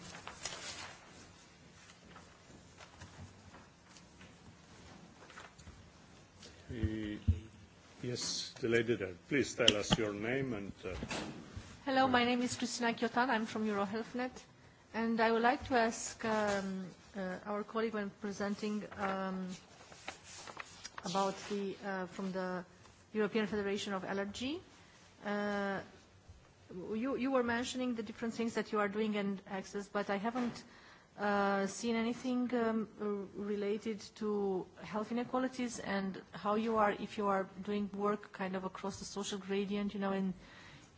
Uh, yes, the lady there. Please tell us your name and. Uh, Hello, my name is Christina Kiotan. I'm from EuroHealthNet, and I would like to ask um, uh, our colleague when presenting um, about the, uh, from the European Federation of Allergy. Uh, you, you were mentioning the different things that you are doing and access, but I haven't uh, seen anything um, related to health inequalities and how you are, if you are doing work kind of across the social gradient, you know, in,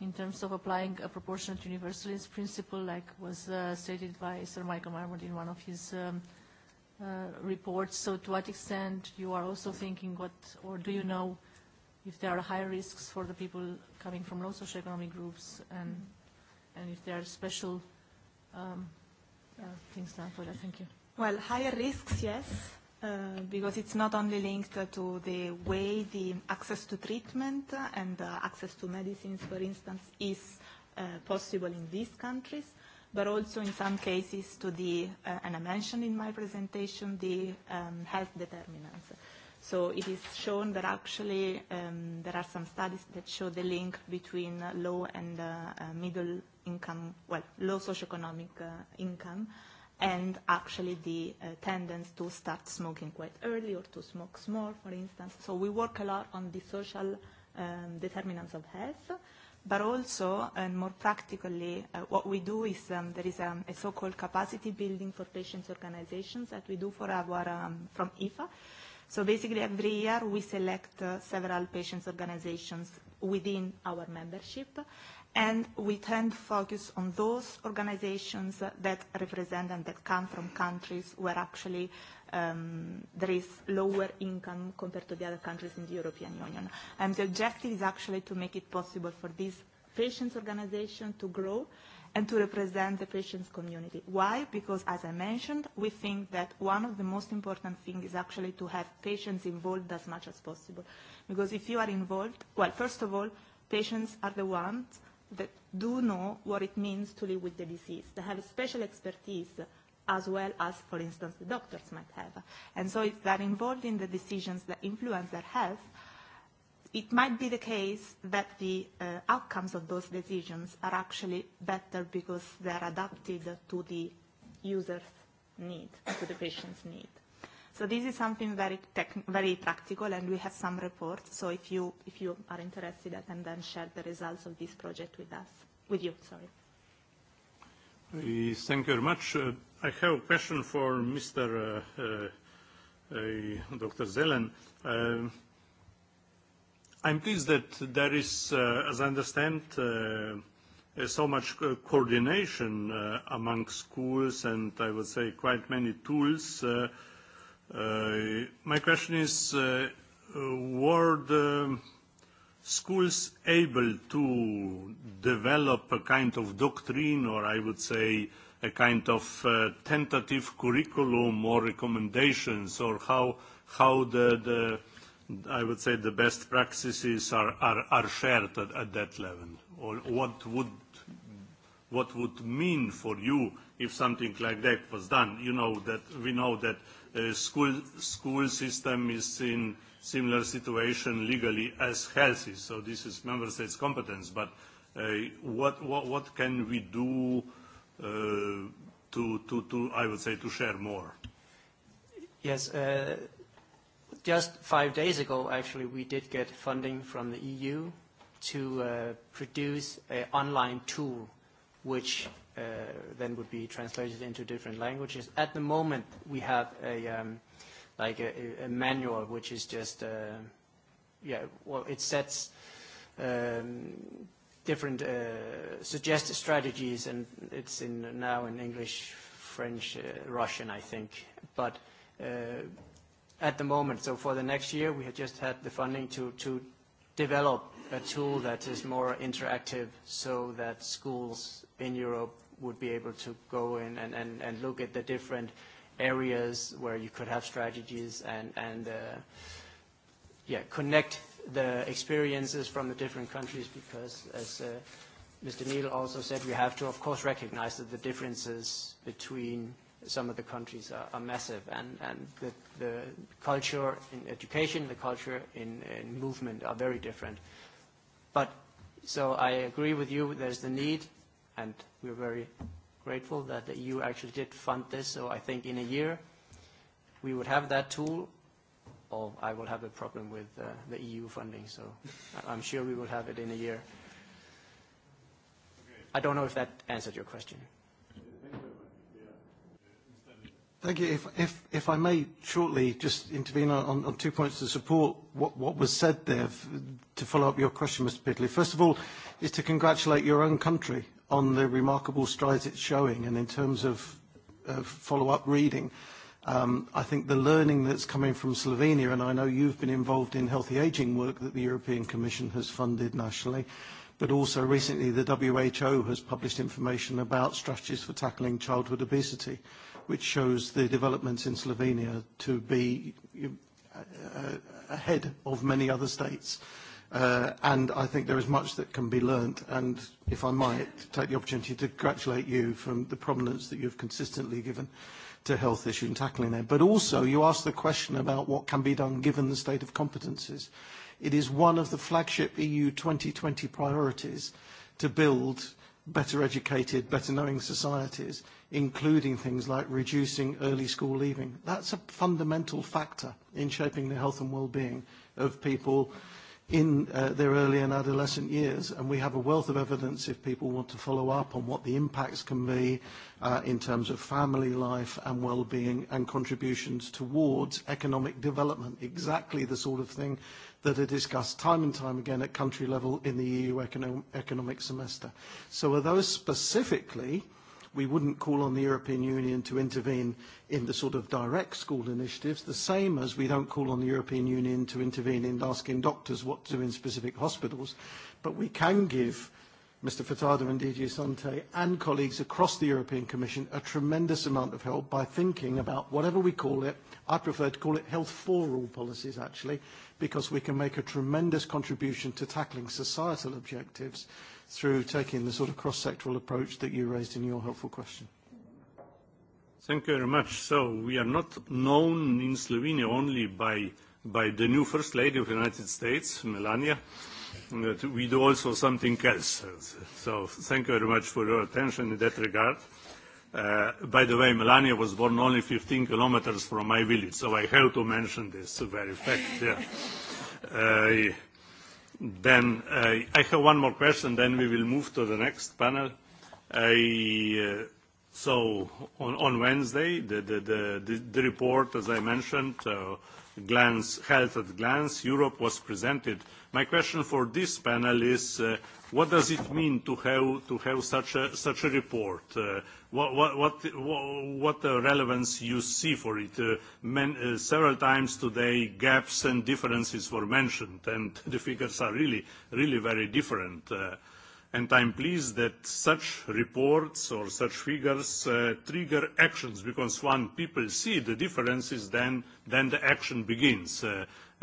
in terms of applying a proportionate universalist principle like was uh, stated by Sir Michael Marmot in one of his um, uh, uh, reports. So to what extent you are also thinking what, or do you know if there are high risks for the people coming from low socioeconomic groups and, mm -hmm. and if there are special um, uh, things done for that? Thank you. Well, higher risks, yes, uh, because it's not only linked to the way the access to treatment and uh, access to medicines, for instance, is uh, possible in these countries, but also in some cases to the, uh, and I mentioned in my presentation, the um, health determinants. So it is shown that actually um, there are some studies that show the link between low and uh, uh middle income, well, low socioeconomic uh, income, and actually the uh, tendency to start smoking quite early or to smoke small, for instance. So we work a lot on the social um, determinants of health but also, and more practically, uh, what we do is um, there is um, a so-called capacity building for patients' organizations that we do for our, um, from IFA. So basically every year we select uh, several patients' organizations within our membership and we tend to focus on those organizations that represent and that come from countries where actually um, there is lower income compared to the other countries in the European Union. And the objective is actually to make it possible for these patients' organizations to grow and to represent the patient's community. Why? Because, as I mentioned, we think that one of the most important things is actually to have patients involved as much as possible. Because if you are involved, well, first of all, patients are the ones that do know what it means to live with the disease. They have special expertise as well as, for instance, the doctors might have. And so if they're involved in the decisions that influence their health, it might be the case that the uh, outcomes of those decisions are actually better because they're adapted to the user's need, to the patient's need. So this is something very, tech, very practical, and we have some reports. So if you, if you are interested, I can then share the results of this project with us, with you. Sorry. Uh, thank you very much. Uh, I have a question for Mr. Uh, uh Dr. Zelen. Uh, I'm pleased that there is, uh, as I understand, so much coordination among schools, and I would say quite many tools Uh, my question is, uh, were the schools able to develop a kind of doctrine, or I would say a kind of uh, tentative curriculum or recommendations, or how, how the, the, I would say, the best practices are, are, are shared at, at that level? Or what would what would mean for you if something like that was done. You know that we know that uh, school school system is in similar situation legally as health is. So this is member states' competence. But uh, what, what what can we do uh, to to to I would say to share more? Yes. Uh... Just five days ago, actually, we did get funding from the EU to uh, produce an online tool which uh, then would be translated into different languages. At the moment, we have a um, like a, a manual which is just uh, yeah well it sets um, different uh, suggested strategies and it's in now in English, French, uh, Russian I think, but. Uh, at the moment, so for the next year, we have just had the funding to, to develop a tool that is more interactive so that schools in Europe would be able to go in and, and, and look at the different areas where you could have strategies and, and uh, yeah, connect the experiences from the different countries because as uh, Mr. Neal also said, we have to of course recognize that the differences between some of the countries are, are massive and, and the, the culture in education, the culture in, in movement are very different. Uh, But so I agree with you, there's the need, and we're very grateful that the EU actually did fund this. So I think in a year, we would have that tool, or I will have a problem with uh, the EU funding. So I'm sure we will have it in a year. I don't know if that answered your question. Thank you. If, if, if I may shortly just intervene on, on two points to support what, what was said there to follow up your question, Mr. Pidley. First of all, is to congratulate your own country on the remarkable strides it's showing, and in terms of, of follow-up reading, um, I think the learning that's coming from Slovenia, and I know you've been involved in healthy aging work that the European Commission has funded nationally, but also recently the WHO has published information about strategies for tackling childhood obesity which shows the developments in Slovenia to be uh, uh, ahead of many other states. Uh, and I think there is much that can be learnt. And if I might take the opportunity to congratulate you from the prominence that you've consistently given to health issue and tackling it. But also, you asked the question about what can be done given the state of competences. It is one of the flagship EU 2020 priorities to build uh, better educated, better knowing societies, including things like reducing early school leaving. That's a fundamental factor in shaping the health and well-being of people in uh, their early and adolescent years, and we have a wealth of evidence if people want to follow up on what the impacts can be uh, in terms of family life and well-being and contributions towards economic development, exactly the sort of thing that are discussed time and time again at country level in the EU econo economic semester. So are those specifically, we wouldn't call on the European Union to intervene in the sort of direct school initiatives, the same as we don't call on the European Union to intervene in asking doctors what to do in specific hospitals, but we can give Mr. Furtado and DG Sante and colleagues across the European Commission a tremendous amount of help by thinking about whatever we call it, I prefer to call it health for all policies, actually, because we can make a tremendous contribution to tackling societal objectives through taking the sort of cross-sectoral approach that you raised in your helpful question. Thank you very much. So we are not known in Slovenia only by, by the new First Lady of the United States, Melania. That we do also something else. So thank you very much for your attention in that regard. Uh, by the way, Melania was born only 15 kilometers from my village, so I have to mention this very fact. Yeah. uh, then uh, I have one more question, then we will move to the next panel. I, uh, so on, on Wednesday, the, the, the, the report, as I mentioned, uh, glance, Health at Glance Europe was presented uh, My question for this panel is, uh, what does it mean to have, to have such, a, such a report? Uh, what, what, what, what relevance you see for it? Uh, men, uh, several times today, gaps and differences were mentioned, and the figures are really, really very different. Uh, and I'm pleased that such reports or such figures uh, trigger actions, because when people see the differences, then, then the action begins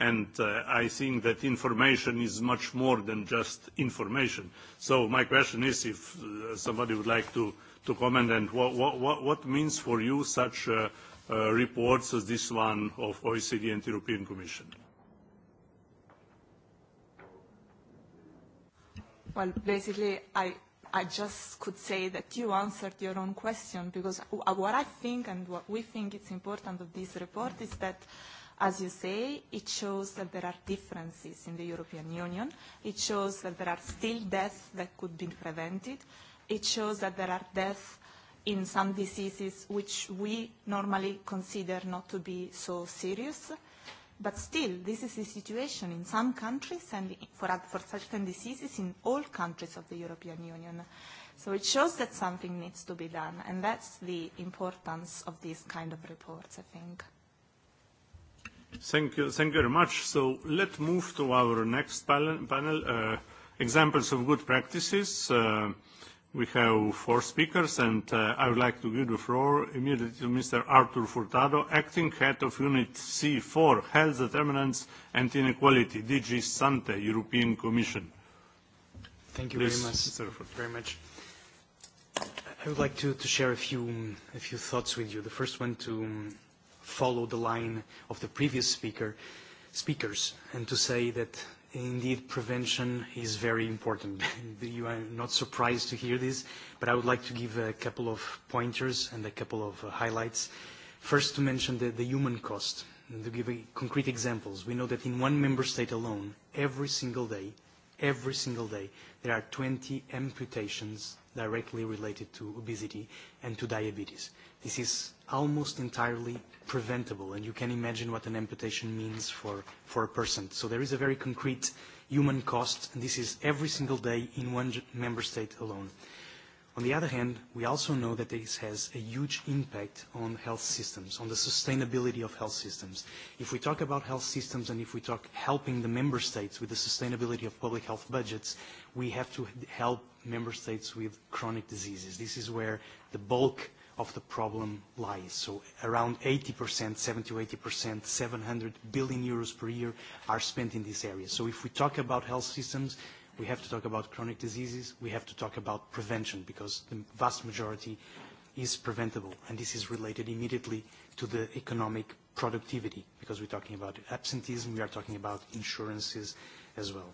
and uh, I think that information is much more than just information. So my question is if uh, somebody would like to, to comment and what, what, what means for you such uh, uh, reports as this one of OECD and European Commission? Well, basically, I, I just could say that you answered your own question because what I think and what we think is important of this report is that uh, as you say, it shows that there are differences in the European Union. It shows that there are still deaths that could be prevented. It shows that there are deaths in some diseases which we normally consider not to be so serious. But still, this is the situation in some countries and for, for certain diseases in all countries of the European Union. So it shows that something needs to be done, and that's the importance of these kind of reports, I think. Thank you. Thank you very much. So let's move to our next panel, uh, examples of good practices. Uh, we have four speakers, and uh, I would like to give the floor immediately to Mr. Artur Furtado, Acting Head of Unit C4, Health Determinants and Inequality, DG Sante, European Commission. Thank you Please, very much. Mr. Furtado. Very much. I would like to, to share a few, a few thoughts with you. The first one to follow the line of the previous speaker, speakers and to say that indeed prevention is very important. you are not surprised to hear this, but I would like to give a couple of pointers and a couple of highlights. First, to mention the, the human cost. And to give a, concrete examples, we know that in one member state alone, every single day, every single day, there are 20 amputations directly related to obesity and to diabetes. This is almost entirely preventable, and you can imagine what an amputation means for, for a person. So there is a very concrete human cost, and this is every single day in one member state alone. On the other hand, we also know that this has a huge impact on health systems, on the sustainability of health systems. If we talk about health systems and if we talk helping the member states with the sustainability of public health budgets, we have to help member states with chronic diseases. This is where the bulk of the problem lies. So around 80%, 70 to 80%, 700 billion euros per year are spent in this area. So if we talk about health systems, we have to talk about chronic diseases, we have to talk about prevention because the vast majority is preventable. And this is related immediately to the economic productivity because we're talking about absenteeism, we are talking about insurances as well.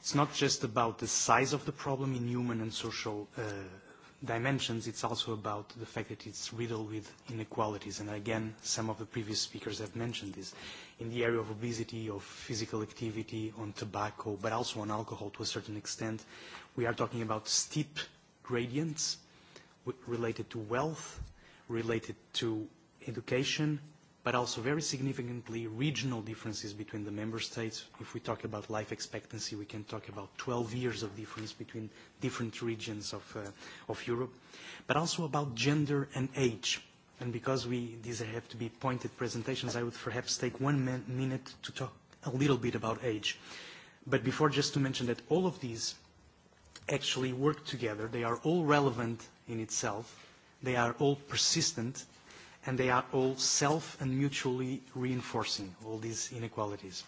It's not just about the size of the problem in human and social uh, dimensions, it's also about the fact that it's riddled with inequalities. And again, some of the previous speakers have mentioned this. In the area of obesity, of physical activity, on tobacco, but also on alcohol to a certain extent, we are talking about steep gradients related to wealth, related to education, but also very significantly regional differences between the member states. If we talk about life expectancy, we can talk about 12 years of difference between different regions of, uh, of Europe, but also about gender and age. And because we, these have to be pointed presentations, I would perhaps take one min minute to talk a little bit about age. But before, just to mention that all of these actually work together. They are all relevant in itself. They are all persistent and they are all self and mutually reinforcing all these inequalities.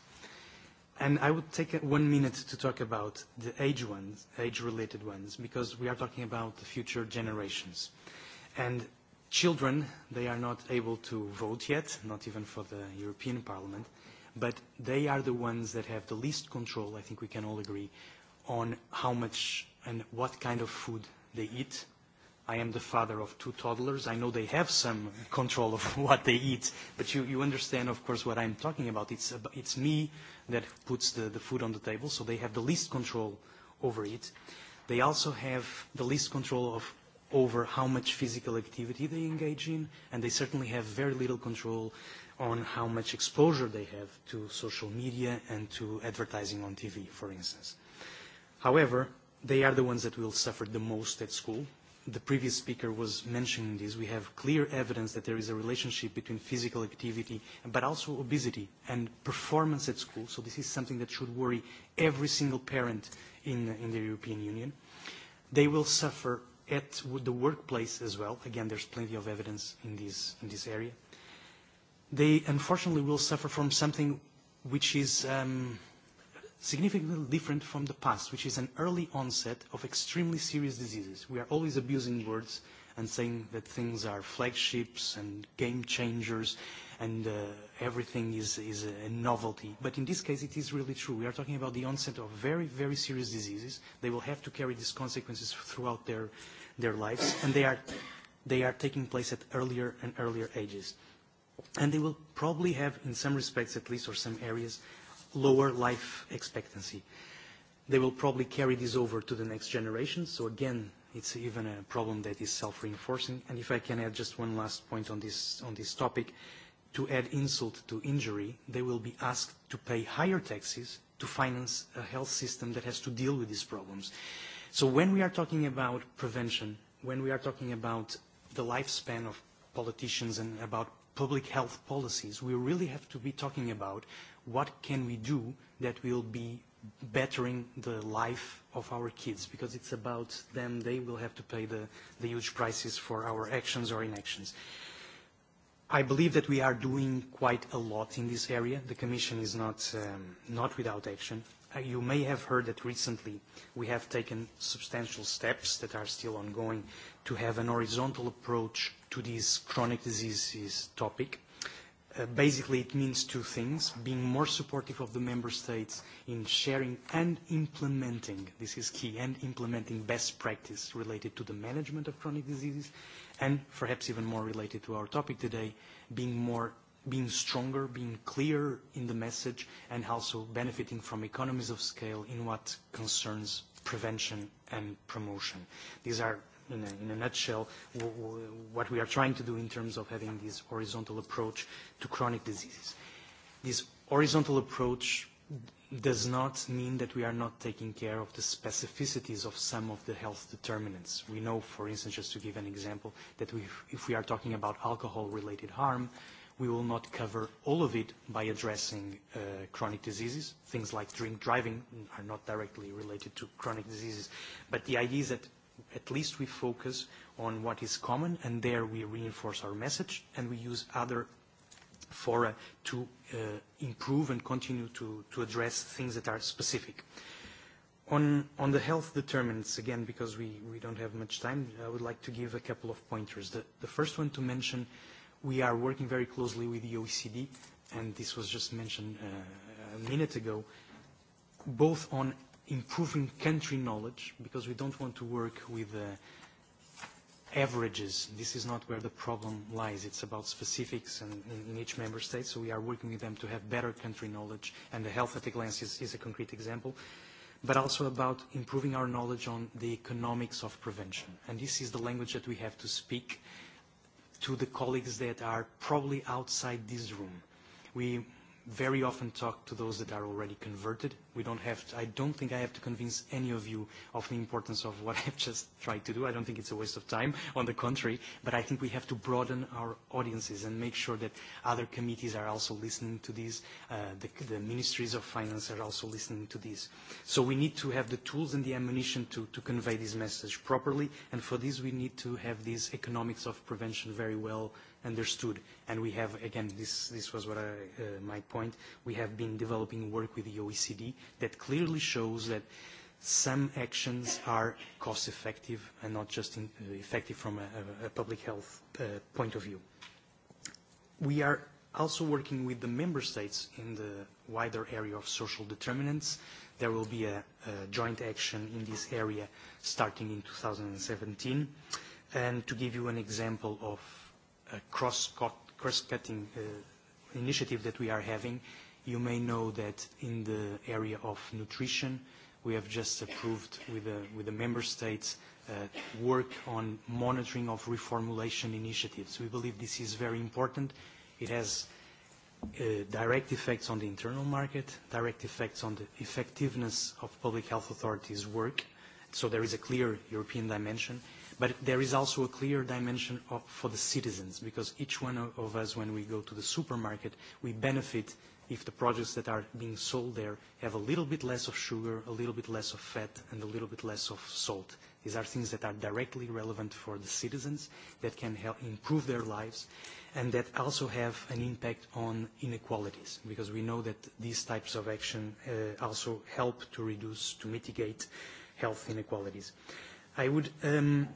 And I would take one minute to talk about the age ones, age-related ones, because we are talking about the future generations. And children, they are not able to vote yet, not even for the European Parliament, but they are the ones that have the least control, I think we can all agree, on how much and what kind of food they eat, I am the father of two toddlers. I know they have some control of what they eat, but you, you understand, of course, what I'm talking about. It's, it's me that puts the, the food on the table, so they have the least control over it. They also have the least control of, over how much physical activity they engage in, and they certainly have very little control on how much exposure they have to social media and to advertising on TV, for instance. However, they are the ones that will suffer the most at school the previous speaker was mentioning this, we have clear evidence that there is a relationship between physical activity but also obesity and performance at school. So this is something that should worry every single parent in, in the European Union. They will suffer at the workplace as well. Again, there's plenty of evidence in this, in this area. They unfortunately will suffer from something which is um, significantly different from the past, which is an early onset of extremely serious diseases. We are always abusing words and saying that things are flagships and game changers and uh, everything is, is a novelty. But in this case, it is really true. We are talking about the onset of very, very serious diseases. They will have to carry these consequences throughout their, their lives, and they are, they are taking place at earlier and earlier ages. And they will probably have, in some respects at least, or some areas, lower life expectancy. They will probably carry this over to the next generation. So again, it's even a problem that is self-reinforcing. And if I can add just one last point on this, on this topic, to add insult to injury, they will be asked to pay higher taxes to finance a health system that has to deal with these problems. So when we are talking about prevention, when we are talking about the lifespan of politicians and about public health policies, we really have to be talking about what can we do that will be bettering the life of our kids because it's about them they will have to pay the, the huge prices for our actions or inactions. I believe that we are doing quite a lot in this area. The Commission is not, um, not without action. Uh, you may have heard that recently we have taken substantial steps that are still ongoing to have an horizontal approach to this chronic diseases topic uh, basically it means two things, being more supportive of the member states in sharing and implementing, this is key, and implementing best practice related to the management of chronic diseases, and perhaps even more related to our topic today, being more being stronger, being clear in the message, and also benefiting from economies of scale in what concerns prevention and promotion. These are in a, in a nutshell w w what we are trying to do in terms of having this horizontal approach to chronic diseases. This horizontal approach does not mean that we are not taking care of the specificities of some of the health determinants. We know, for instance, just to give an example, that we, if we are talking about alcohol-related harm, we will not cover all of it by addressing uh, chronic diseases. Things like drink driving are not directly related to chronic diseases, but the idea is that at least we focus on what is common, and there we reinforce our message, and we use other fora to uh, improve and continue to, to address things that are specific. On, on the health determinants, again, because we, we don't have much time, I would like to give a couple of pointers. The, the first one to mention, we are working very closely with the OECD, and this was just mentioned uh, a minute ago, both on improving country knowledge, because we don't want to work with uh, averages. This is not where the problem lies. It's about specifics and in, in each member state, so we are working with them to have better country knowledge, and the health at a glance is, is a concrete example, but also about improving our knowledge on the economics of prevention. And this is the language that we have to speak to the colleagues that are probably outside this room. We very often talk to those that are already converted. We don't have to, I don't think I have to convince any of you of the importance of what I've just tried to do. I don't think it's a waste of time, on the contrary, but I think we have to broaden our audiences and make sure that other committees are also listening to these, uh, the, the ministries of finance are also listening to these. So we need to have the tools and the ammunition to, to convey this message properly, and for this we need to have these economics of prevention very well understood. And we have, again, this, this was what I, uh, my point, we have been developing work with the OECD that clearly shows that some actions are cost-effective and not just in, uh, effective from a, a public health uh, point of view. We are also working with the member states in the wider area of social determinants. There will be a, a joint action in this area starting in 2017. And to give you an example of cross-cutting uh, initiative that we are having. You may know that in the area of nutrition, we have just approved with the, with the member states uh, work on monitoring of reformulation initiatives. We believe this is very important. It has uh, direct effects on the internal market, direct effects on the effectiveness of public health authorities' work. So there is a clear European dimension. Uh, But there is also a clear dimension of, for the citizens, because each one of us, when we go to the supermarket, we benefit if the products that are being sold there have a little bit less of sugar, a little bit less of fat, and a little bit less of salt. These are things that are directly relevant for the citizens, that can help improve their lives, and that also have an impact on inequalities, because we know that these types of action uh, also help to reduce, to mitigate health inequalities. Uh, I would um,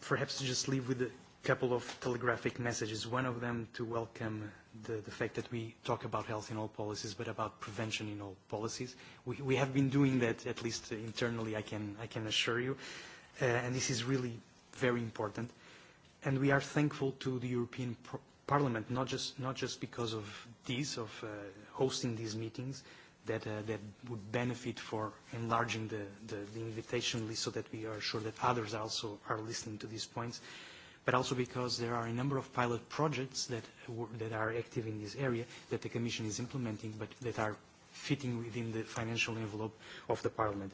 perhaps just leave with a couple of telegraphic messages. One of them to welcome the, the fact that we talk about health in all policies, but about prevention in all policies. We, we have been doing that, at least internally, I can, I can assure you. Uh, and this is really very important. And we are thankful to the European Pro Parliament, not just, not just because of these, of uh, hosting these meetings, uh, that, uh, that would benefit for enlarging the, the, the invitation list so that we are sure that others also are listening to these points, but also because there are a number of pilot projects that, that are active in this area that the Commission is implementing but that are fitting within the financial envelope of the Parliament.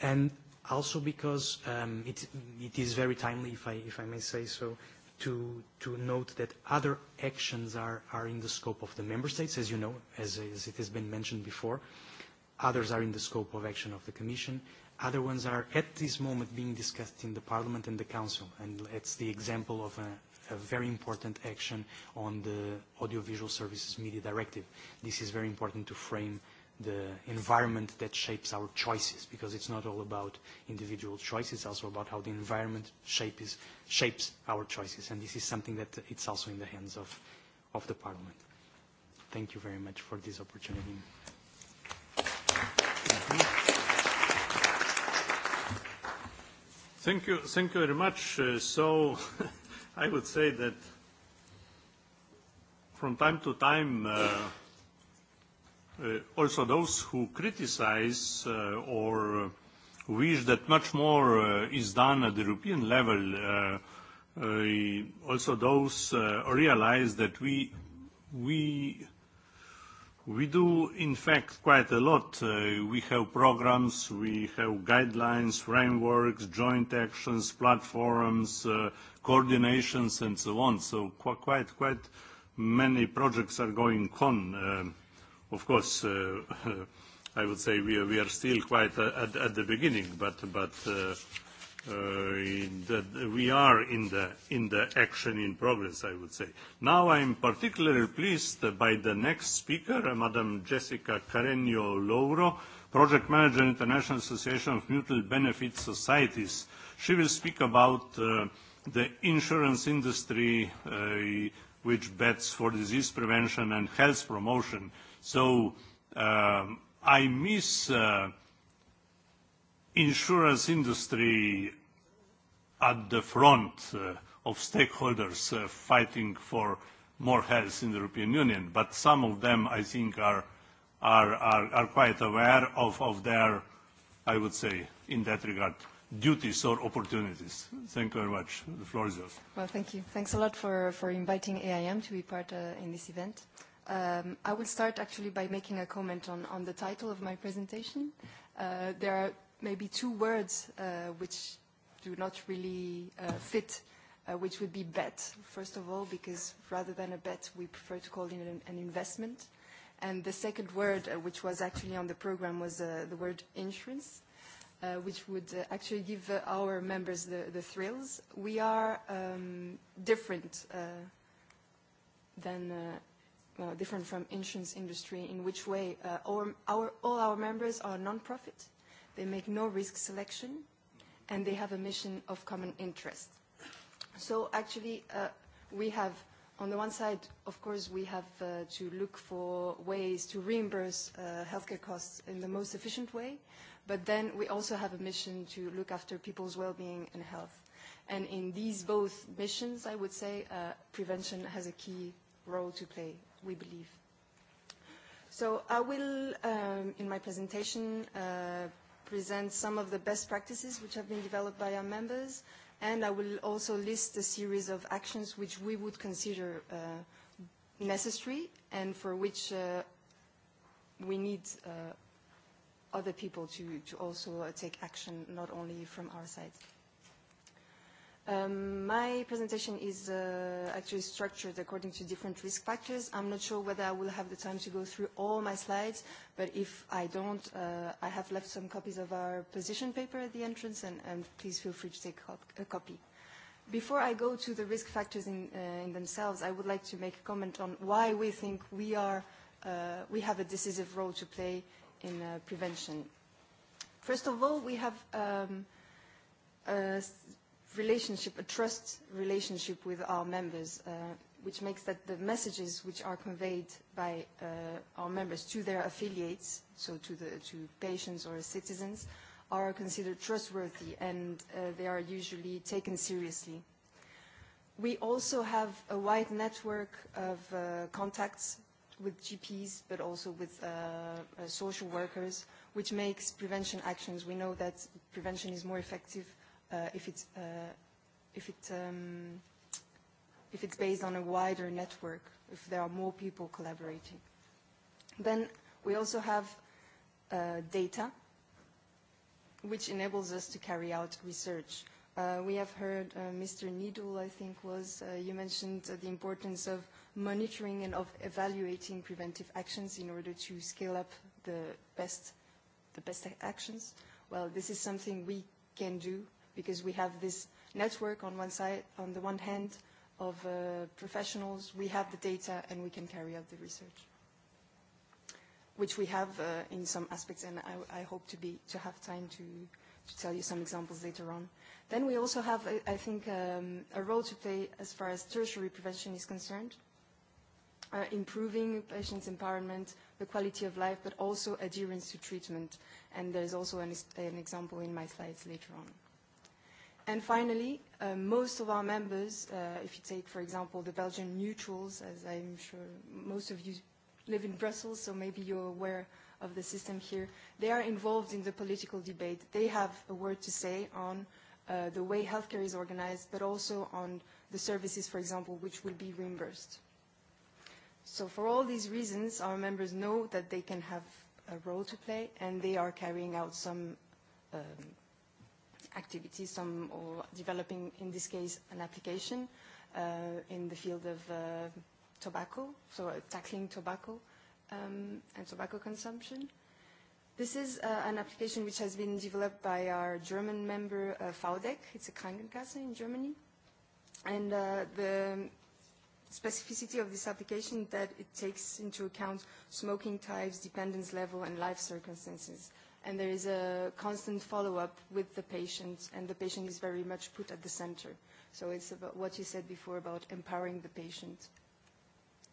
And also because um, it, it is very timely, if I, if I may say so, to, to note that other actions are, are in the scope of the member states, as you know, as, as it has been mentioned before. Others are in the scope of action of the Commission. Other ones are at this moment being discussed in the Parliament and the Council, and it's the example of a, a very important action on the Audiovisual Services Media Directive. This is very important to frame uh, the environment that shapes our choices, because it's not all about individual choices, it's also about how the environment shape is, shapes our choices. And this is something that it's also in the hands of, of the Parliament. Thank you very much for this opportunity. Thank you. Thank you very much. Uh, so I would say that from time to time, uh, uh, also those who criticize uh, or uh, wish that much more uh, is done at the European level, uh, uh, also those uh, realize that we, we, we do in fact quite a lot. Uh, we have programs, we have guidelines, frameworks, joint actions, platforms, uh, coordinations and so on. So qu quite, quite many projects are going on. Uh, Of course, uh, I would say we are, we are still quite uh, at, at the beginning, but, but uh, uh, the, we are in the, in the action in progress, I would say. Now I'm particularly pleased by the next speaker, uh, Madam Jessica Carreño Louro, Project Manager, International Association of Mutual Benefit Societies. She will speak about uh, the insurance industry, uh, which bets for disease prevention and health promotion. Uh, So um, I miss uh, insurance industry at the front uh, of stakeholders uh, fighting for more health in the European Union. But some of them, I think, are, are, are, are quite aware of, of their, I would say, in that regard, duties or opportunities. Thank you very much. The floor is yours. Well, thank you. Thanks a lot for, for inviting AIM to be part uh, in this event. Um, I will start actually by making a comment on, on the title of my presentation. Uh, there are maybe two words uh, which do not really uh, fit, uh, which would be bet, first of all, because rather than a bet, we prefer to call it an, an investment. And the second word, uh, which was actually on the program, was uh, the word insurance. Uh, which would uh, actually give uh, our members the, the thrills. We are um, different uh, than uh, uh, different from insurance industry, in which way uh, our, our, all our members are non-profit, they make no risk selection, and they have a mission of common interest. So actually, uh, we have, on the one side, of course, we have uh, to look for ways to reimburse uh, healthcare costs in the most efficient way, but then we also have a mission to look after people's well-being and health. And in these both missions, I would say, uh, prevention has a key role to play we believe. So I will, um, in my presentation, uh, present some of the best practices which have been developed by our members, and I will also list a series of actions which we would consider uh, necessary and for which uh, we need uh, other people to, to also uh, take action, not only from our side. Uh, Um, my presentation is uh, actually structured according to different risk factors. I'm not sure whether I will have the time to go through all my slides, but if I don't, uh, I have left some copies of our position paper at the entrance, and, and please feel free to take cop a copy. Before I go to the risk factors in, uh, in themselves, I would like to make a comment on why we think we, are, uh, we have a decisive role to play in uh, prevention. First of all, we have um, uh, relationship, a trust relationship with our members, uh, which makes that the messages which are conveyed by uh, our members to their affiliates, so to, the, to patients or citizens, are considered trustworthy and uh, they are usually taken seriously. We also have a wide network of uh, contacts with GPs, but also with uh, uh, social workers, which makes prevention actions. We know that prevention is more effective uh, if it's uh, if it's um, if it's based on a wider network, if there are more people collaborating. Then we also have uh, data, which enables us to carry out research. Uh, we have heard uh, Mr. Needle, I think, was uh, you mentioned uh, the importance of monitoring and of evaluating preventive actions in order to scale up the best the best actions. Well, this is something we can do uh, because we have this network on one side, on the one hand, of uh, professionals. We have the data and we can carry out the research, which we have uh, in some aspects, and I, I hope to, be, to have time to, to tell you some examples later on. Then we also have, I, I think, um, a role to play as far as tertiary prevention is concerned, uh, improving patients' empowerment, the quality of life, but also adherence to treatment. And there's also an, an example in my slides later on. And finally, uh, most of our members, uh, if you take, for example, the Belgian neutrals, as I'm sure most of you live in Brussels, so maybe you're aware of the system here, they are involved in the political debate. They have a word to say on uh, the way healthcare is organized, but also on the services, for example, which will be reimbursed. So for all these reasons, our members know that they can have a role to play, and they are carrying out some um, activities, some or developing, in this case, an application uh, in the field of uh, tobacco, so uh, tackling tobacco um, and tobacco consumption. This is uh, an application which has been developed by our German member, uh, VDEC. It's a Krankenkasse in Germany. And uh, the specificity of this application that it takes into account smoking types, dependence level, and life circumstances and there is a constant follow-up with the patient, and the patient is very much put at the center. So it's about what you said before about empowering the patient.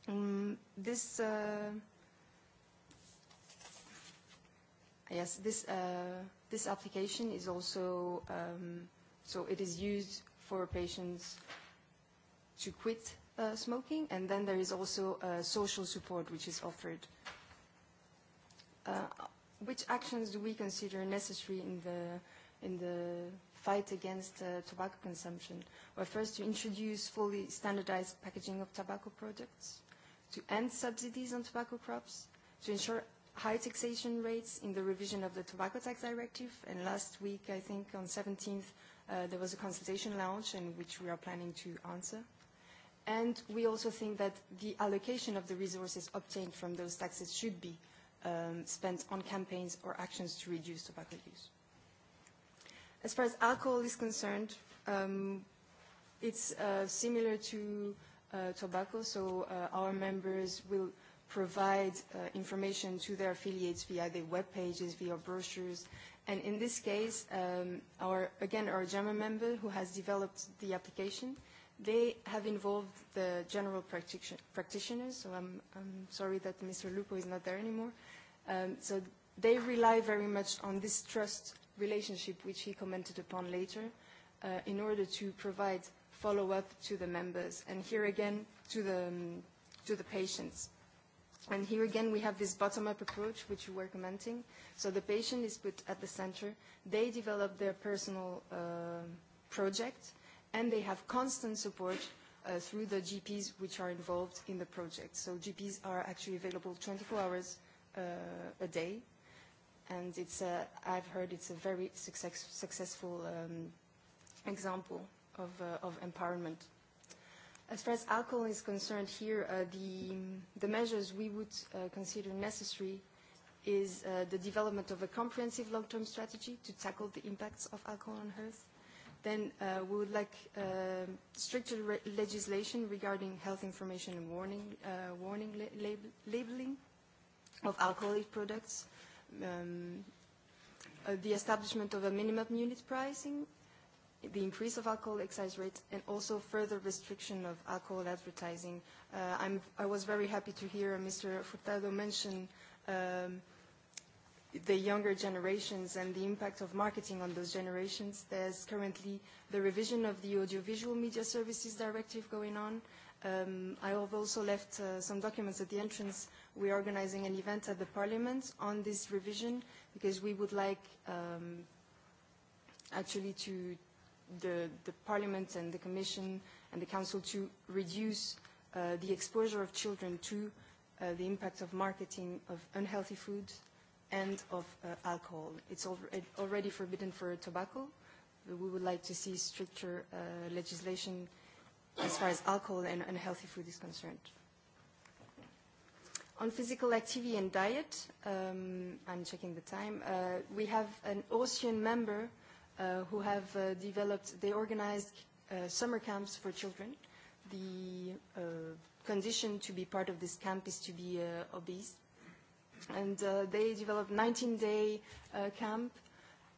Um, this, uh, yes, this, uh, this application is also, um, so it is used for patients to quit uh, smoking, and then there is also uh, social support which is offered. Uh, which actions do we consider necessary in the, in the fight against uh, tobacco consumption? Well, first, to introduce fully standardized packaging of tobacco products, to end subsidies on tobacco crops, to ensure high taxation rates in the revision of the Tobacco Tax Directive. And last week, I think on 17th, uh, there was a consultation launch in which we are planning to answer. And we also think that the allocation of the resources obtained from those taxes should be uh, um, spent on campaigns or actions to reduce tobacco use. As far as alcohol is concerned, um, it's uh, similar to uh, tobacco, so uh, our members will provide uh, information to their affiliates via their web pages, via brochures. And in this case, um, our, again, our German member who has developed the application – They have involved the general practic practitioners, so I'm, I'm sorry that Mr. Lupo is not there anymore. Um, so they rely very much on this trust relationship, which he commented upon later, uh, in order to provide follow-up to the members, and here again to the, um, to the patients. And here again, we have this bottom-up approach, which you were commenting. So the patient is put at the center. They develop their personal uh, project, and they have constant support uh, through the GPs which are involved in the project. So GPs are actually available 24 hours uh, a day, and it's a, I've heard it's a very success, successful um, example of, uh, of empowerment. As far as alcohol is concerned here, uh, the, the measures we would uh, consider necessary is uh, the development of a comprehensive long-term strategy to tackle the impacts of alcohol on health, Then uh, we would like uh, stricter re legislation regarding health information and warning, uh, warning la lab labeling of alcoholic products, um, uh, the establishment of a minimum unit pricing, the increase of alcohol excise rates, and also further restriction of alcohol advertising. Uh, I'm, I was very happy to hear Mr. Furtado mention um, – the younger generations and the impact of marketing on those generations. There's currently the revision of the Audiovisual Media Services Directive going on. Um, I have also left uh, some documents at the entrance. We are organizing an event at the Parliament on this revision because we would like um, actually to the, the Parliament and the Commission and the Council to reduce uh, the exposure of children to uh, the impact of marketing of unhealthy foods and of uh, alcohol. It's al already forbidden for tobacco. We would like to see stricter uh, legislation as far as alcohol and unhealthy food is concerned. On physical activity and diet, um, I'm checking the time, uh, we have an Austrian member uh, who have uh, developed, they organized uh, summer camps for children. The uh, condition to be part of this camp is to be uh, obese, uh, And uh, they developed 19-day uh, camp.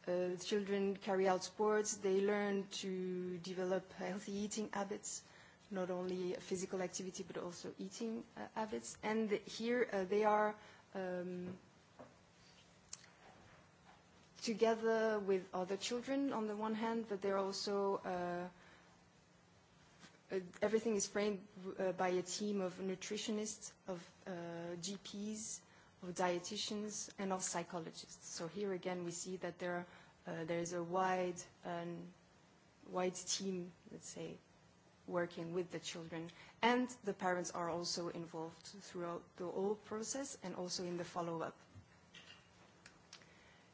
Uh, children carry out sports. They learn to develop healthy eating habits, not only physical activity but also eating uh, habits. And here uh, they are um, together with other children on the one hand, but they're also uh, uh, everything is framed uh, by a team of nutritionists, of uh, GPs, of dietitians, and of psychologists. So here again, we see that there, uh, there is a wide, um, wide team, let's say, working with the children. And the parents are also involved throughout the whole process and also in the follow-up.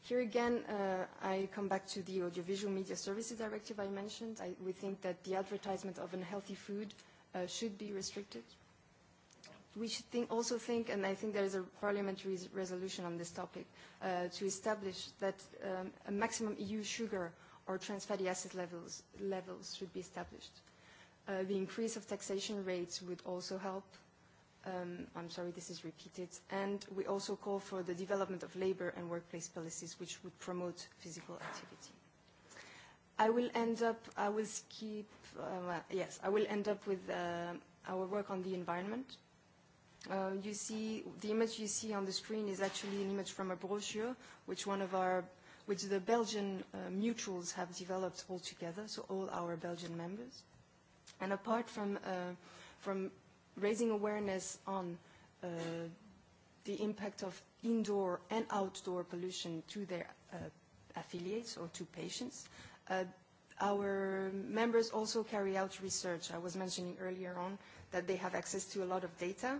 Here again, uh, I come back to the Audiovisual Media Services Directive I mentioned. I, we think that the advertisement of unhealthy food uh, should be restricted we should think, also think, and I think there is a parliamentary resolution on this topic, uh, to establish that um, a maximum EU sugar or trans fatty acid levels, levels should be established. Uh, the increase of taxation rates would also help. Um, I'm sorry, this is repeated. And we also call for the development of labor and workplace policies which would promote physical activity. I will end up, I will skip, uh, well, yes, I will end up with uh, our work on the environment. Uh, you see, the image you see on the screen is actually an image from a brochure, which one of our, which the Belgian uh, mutuals have developed all together, so all our Belgian members. And apart from, uh, from raising awareness on uh, the impact of indoor and outdoor pollution to their uh, affiliates or to patients, uh, our members also carry out research. I was mentioning earlier on that they have access to a lot of data, uh,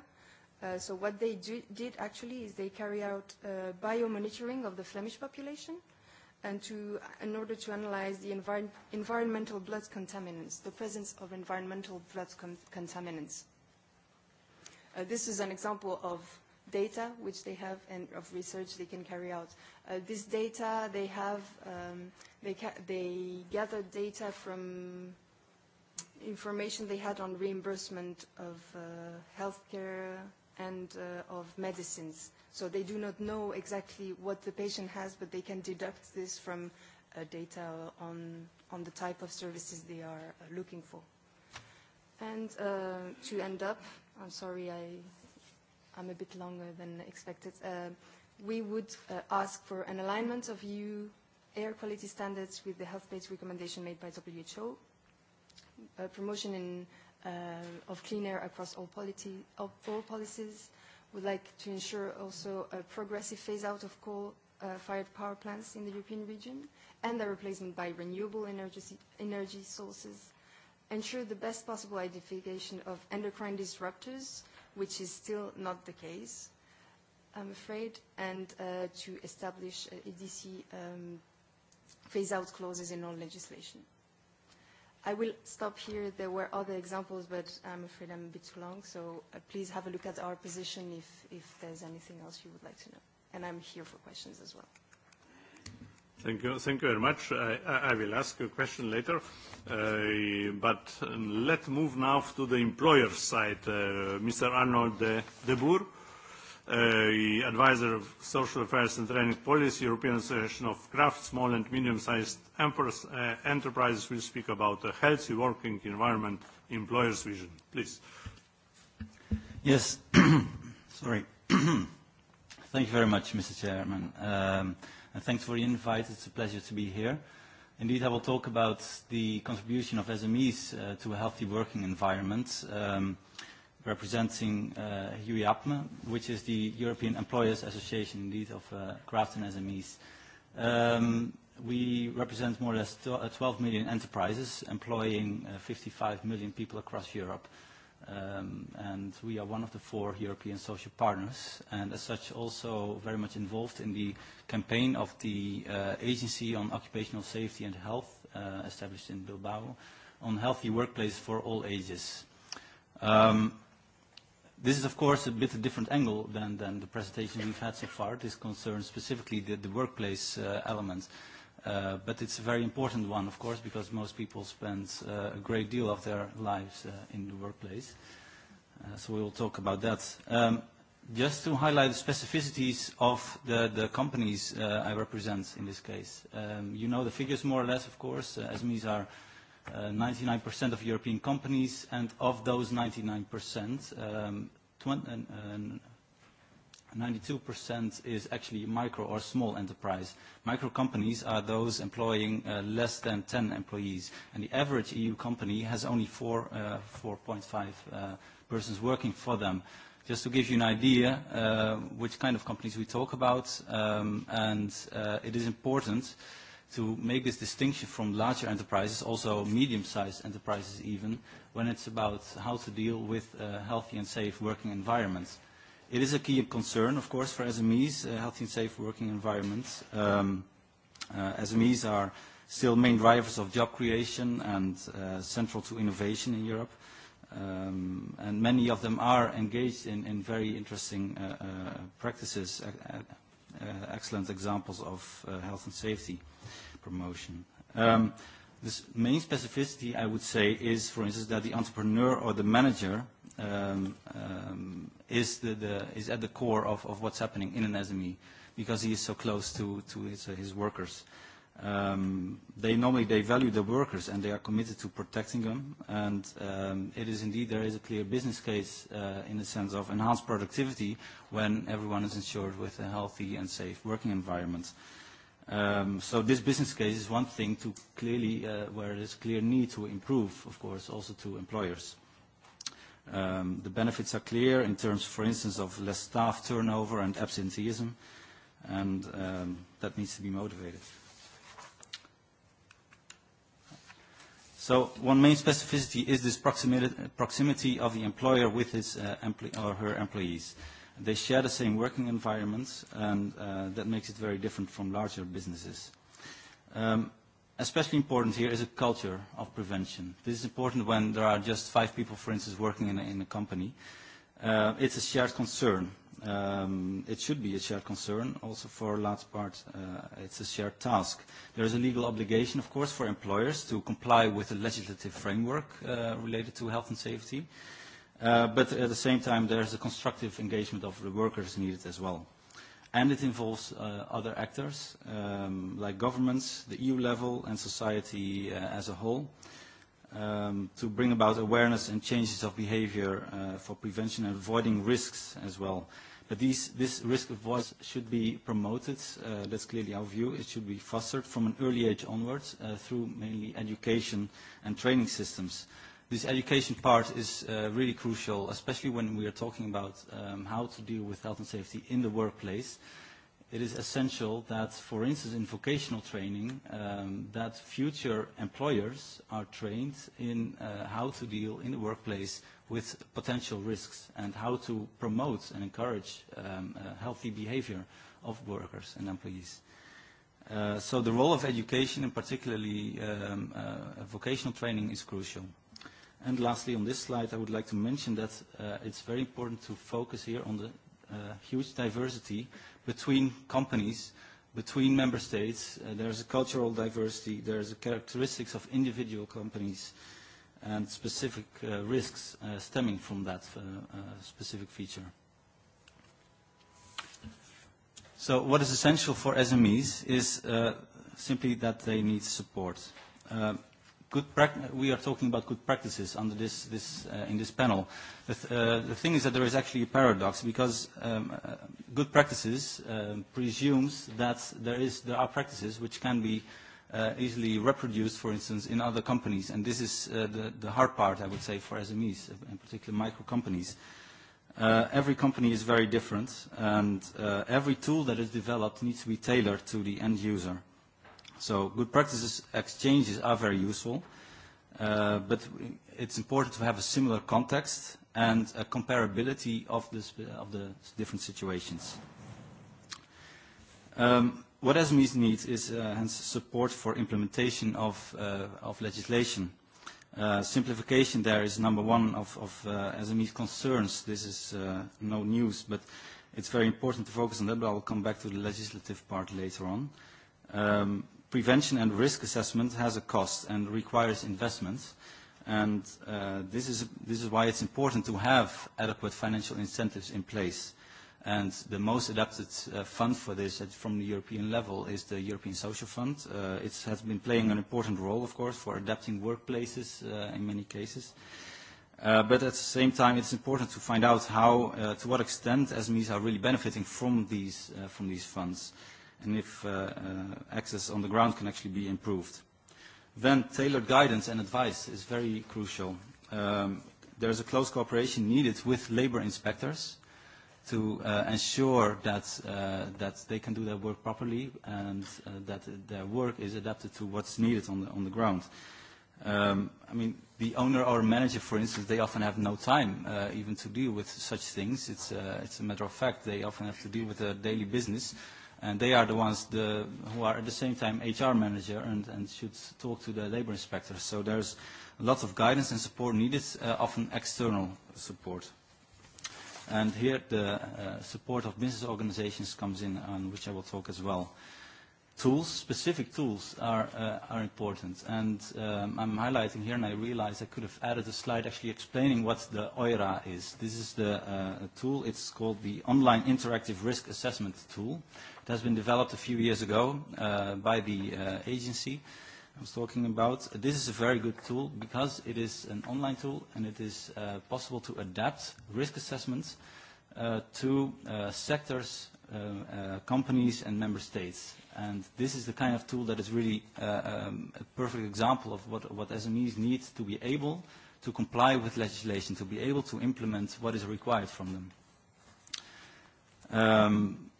Uh, so what they do, did actually is they carry out uh, biomonitoring of the Flemish population and to, in order to analyze the envir environmental blood contaminants, the presence of environmental blood con contaminants. Uh, this is an example of data which they have and of research they can carry out. Uh, this data they have, um, they, ca they gather data from information they had on reimbursement of uh, healthcare and uh, of medicines. So they do not know exactly what the patient has, but they can deduct this from uh, data on, on the type of services they are uh, looking for. And uh, to end up, I'm sorry, I, I'm a bit longer than expected. Uh, we would uh, ask for an alignment of EU air quality standards with the health-based recommendation made by WHO, uh, promotion in um, of clean air across all, polity, all, all policies. We'd like to ensure also a progressive phase-out of coal-fired uh, power plants in the European region and their replacement by renewable energy, energy sources. Ensure the best possible identification of endocrine disruptors, which is still not the case, I'm afraid, and uh, to establish uh, EDC um, phase-out clauses in all legislation. I will stop here. There were other examples, but I'm afraid I'm a bit too long. So uh, please have a look at our position if, if there's anything else you would like to know. And I'm here for questions as well. Thank you. Thank you very much. I, I will ask a question later. Uh, but um, let's move now to the employer side. Uh, Mr. Arnaud de, de Boer uh, advisor of social affairs and training policy, European Association of Craft, Small and Medium-Sized uh, Enterprises will speak about a healthy working environment employer's vision. Please. Yes. Sorry. Thank you very much, Mr. Chairman. Um, and thanks for the invite. It's a pleasure to be here. Indeed, I will talk about the contribution of SMEs uh, to a healthy working environment. Um, representing uh, UEAPME, which is the European Employers Association, indeed, of uh, craft and SMEs. Um, we represent more or less 12 uh, million enterprises, employing uh, 55 million people across Europe. Um, and we are one of the four European social partners, and as such also very much involved in the campaign of the uh, Agency on Occupational Safety and Health, uh, established in Bilbao, on healthy workplaces for all ages. Um, This is, of course, a bit different angle than, than the presentation we've had so far. This concerns specifically the, the workplace uh, element. Uh, but it's a very important one, of course, because most people spend uh, a great deal of their lives uh, in the workplace. Uh, so we will talk about that. Um, just to highlight the specificities of the, the companies uh, I represent in this case. Um, you know the figures more or less, of course. Uh, SMEs are uh, 99% of European companies, and of those 99%, um, and, uh, 92% is actually micro or small enterprise. Micro companies are those employing uh, less than 10 employees, and the average EU company has only 4, uh, 4.5 uh, persons working for them. Just to give you an idea uh, which kind of companies we talk about, um, and uh, it is important uh, to make this distinction from larger enterprises, also medium-sized enterprises even, when it's about how to deal with uh, healthy and safe working environments. It is a key concern, of course, for SMEs, uh, healthy and safe working environments. Um, uh, SMEs are still main drivers of job creation and uh, central to innovation in Europe. Um, and many of them are engaged in, in very interesting uh, uh, practices, uh, uh uh, excellent examples of uh, health and safety promotion. Um, the main specificity, I would say, is, for instance, that the entrepreneur or the manager um, um, is, the, the, is at the core of, of what's happening in an SME because he is so close to, to his, uh, his workers. Uh, um, they normally they value the workers and they are committed to protecting them. And um, it is indeed there is a clear business case uh, in the sense of enhanced productivity when everyone is insured with a healthy and safe working environment. Um, so this business case is one thing to clearly uh, where there's clear need to improve, of course, also to employers. Um, the benefits are clear in terms, for instance, of less staff turnover and absenteeism, and um, that needs to be motivated. Uh, So one main specificity is this proximity, proximity of the employer with his uh, empl or her employees. They share the same working environments, and uh, that makes it very different from larger businesses. Um, especially important here is a culture of prevention. This is important when there are just five people, for instance, working in a, in a company. Uh, it's a shared concern um, it should be a shared concern. Also, for a large part, uh, it's a shared task. There is a legal obligation, of course, for employers to comply with the legislative framework uh, related to health and safety. Uh, but at the same time, there's a constructive engagement of the workers needed as well. And it involves uh, other actors, um, like governments, the EU level, and society uh, as a whole. Uh, um, to bring about awareness and changes of behavior uh, for prevention and avoiding risks as well. But these, this risk avoidance should be promoted. Uh, that's clearly our view. It should be fostered from an early age onwards uh, through mainly education and training systems. This education part is uh, really crucial, especially when we are talking about um, how to deal with health and safety in the workplace. Uh, it is essential that, for instance, in vocational training, um, that future employers are trained in uh, how to deal in the workplace with potential risks and how to promote and encourage um, uh, healthy behavior of workers and employees. Uh, so the role of education and particularly um, uh, vocational training is crucial. And lastly, on this slide, I would like to mention that uh, it's very important to focus here on the uh, huge diversity between companies, between member states. Uh, there's a cultural diversity. There's a characteristics of individual companies and specific uh, risks uh, stemming from that uh, uh, specific feature. So what is essential for SMEs is uh, simply that they need support. Uh, good we are talking about good practices under this, this, uh, in this panel. The, th uh, the thing is that there is actually a paradox because um, uh, good practices um, presumes that there, is, there are practices which can be uh, easily reproduced, for instance, in other companies. And this is uh, the, the hard part, I would say, for SMEs, in particular micro companies. Uh, every company is very different, and uh, every tool that is developed needs to be tailored to the end user. So good practices exchanges are very useful, uh, but it's important to have a similar context and a comparability of, this, of the different situations. Um, what SMEs need is uh, hence support for implementation of, uh, of legislation. Uh, simplification there is number one of, of uh, SME concerns. This is uh, no news, but it's very important to focus on that, but I'll come back to the legislative part later on. Um, prevention and risk assessment has a cost and requires investments. And uh, this, is, this is why it's important to have adequate financial incentives in place. And the most adapted uh, fund for this at, from the European level is the European Social Fund. Uh, it has been playing an important role, of course, for adapting workplaces uh, in many cases. Uh, but at the same time, it's important to find out how, uh, to what extent SMEs are really benefiting from these, uh, from these funds. Uh, and if uh, uh, access on the ground can actually be improved. Then tailored guidance and advice is very crucial. Um, there's a close cooperation needed with labor inspectors to uh, ensure that, uh, that they can do their work properly and uh, that their work is adapted to what's needed on the, on the ground. Um, I mean, the owner or manager, for instance, they often have no time uh, even to deal with such things. It's, uh, it's a matter of fact. They often have to deal with their daily business. Uh, and they are the ones the, who are at the same time HR manager and, and should talk to the labor inspectors. So there's lots of guidance and support needed, uh, often external support. And here the uh, support of business organizations comes in, on which I will talk as well. Uh, tools, specific tools, are, uh, are important. And um, I'm highlighting here, and I realize I could have added a slide actually explaining what the OIRA is. This is the uh, tool. It's called the Online Interactive Risk Assessment Tool. It has been developed a few years ago uh, by the uh, agency I was talking about. This is a very good tool because it is an online tool and it is uh, possible to adapt risk assessments uh, to uh, sectors, uh, uh, companies and member states. And this is the kind of tool that is really uh, um, a perfect example of what, what SMEs need to be able to comply with legislation, to be able to implement what is required from them. Um,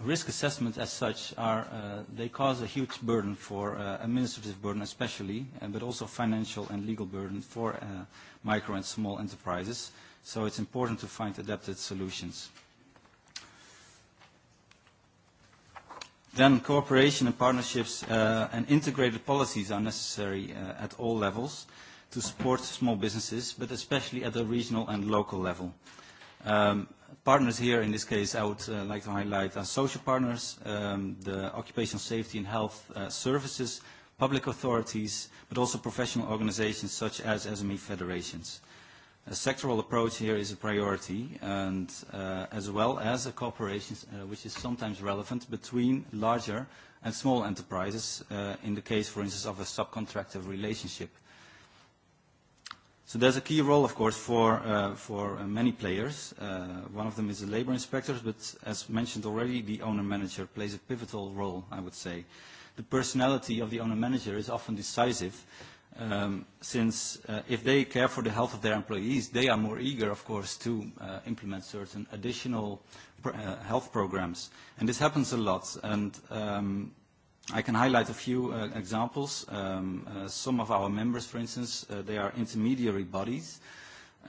risk assessments as such are, uh, they cause a huge burden for uh, administrative burden especially, uh, but also financial and legal burden for uh, micro and small enterprises. So it's important to find adapted solutions. Uh, Then cooperation and partnerships uh, and integrated policies are necessary uh, at all levels to support small businesses, but especially at the regional and local level. Um, partners here, in this case, I would uh, like to highlight our social partners, um, the occupational safety and health uh, services, public authorities, but also professional organizations such as SME federations. Uh, A sectoral approach here is a priority, and uh, as well as a cooperation, uh, which is sometimes relevant between larger and small enterprises, uh, in the case, for instance, of a subcontractor relationship. So there's a key role, of course, for, uh, for uh, many players. Uh, one of them is the labor inspectors, but as mentioned already, the owner-manager plays a pivotal role, I would say. The personality of the owner-manager is often decisive, uh, um, since uh, if they care for the health of their employees, they are more eager, of course, to uh, implement certain additional pr uh, health programs. And this happens a lot. And um, I can highlight a few uh, examples. Um, uh, some of our members, for instance, uh, they are intermediary bodies.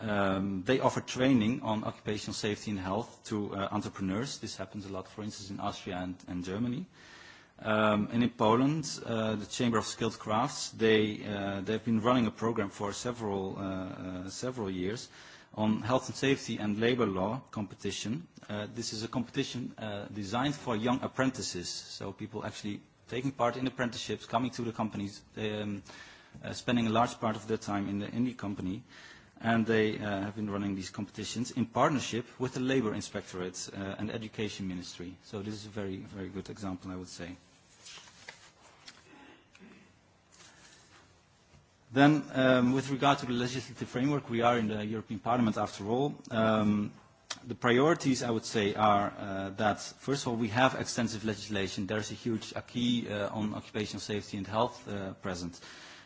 Um, they offer training on occupational safety and health to uh, entrepreneurs. This happens a lot, for instance, in Austria and, and Germany. Uh, Um, and in Poland, uh, the Chamber of Skilled Crafts, they, uh, they've been running a program for several, uh, uh, several years on health and safety and labor law competition. Uh, this is a competition uh, designed for young apprentices, so people actually taking part in apprenticeships, coming to the companies, um, uh, spending a large part of their time in the, in the company. And they uh, have been running these competitions in partnership with the Labor Inspectorate uh, and Education Ministry. So this is a very, very good example, I would say. Then, um, with regard to the legislative framework, we are in the European Parliament after all. Um, the priorities, I would say, are uh, that, first of all, we have extensive legislation. There's a huge acquis uh, on occupational safety and health uh, present.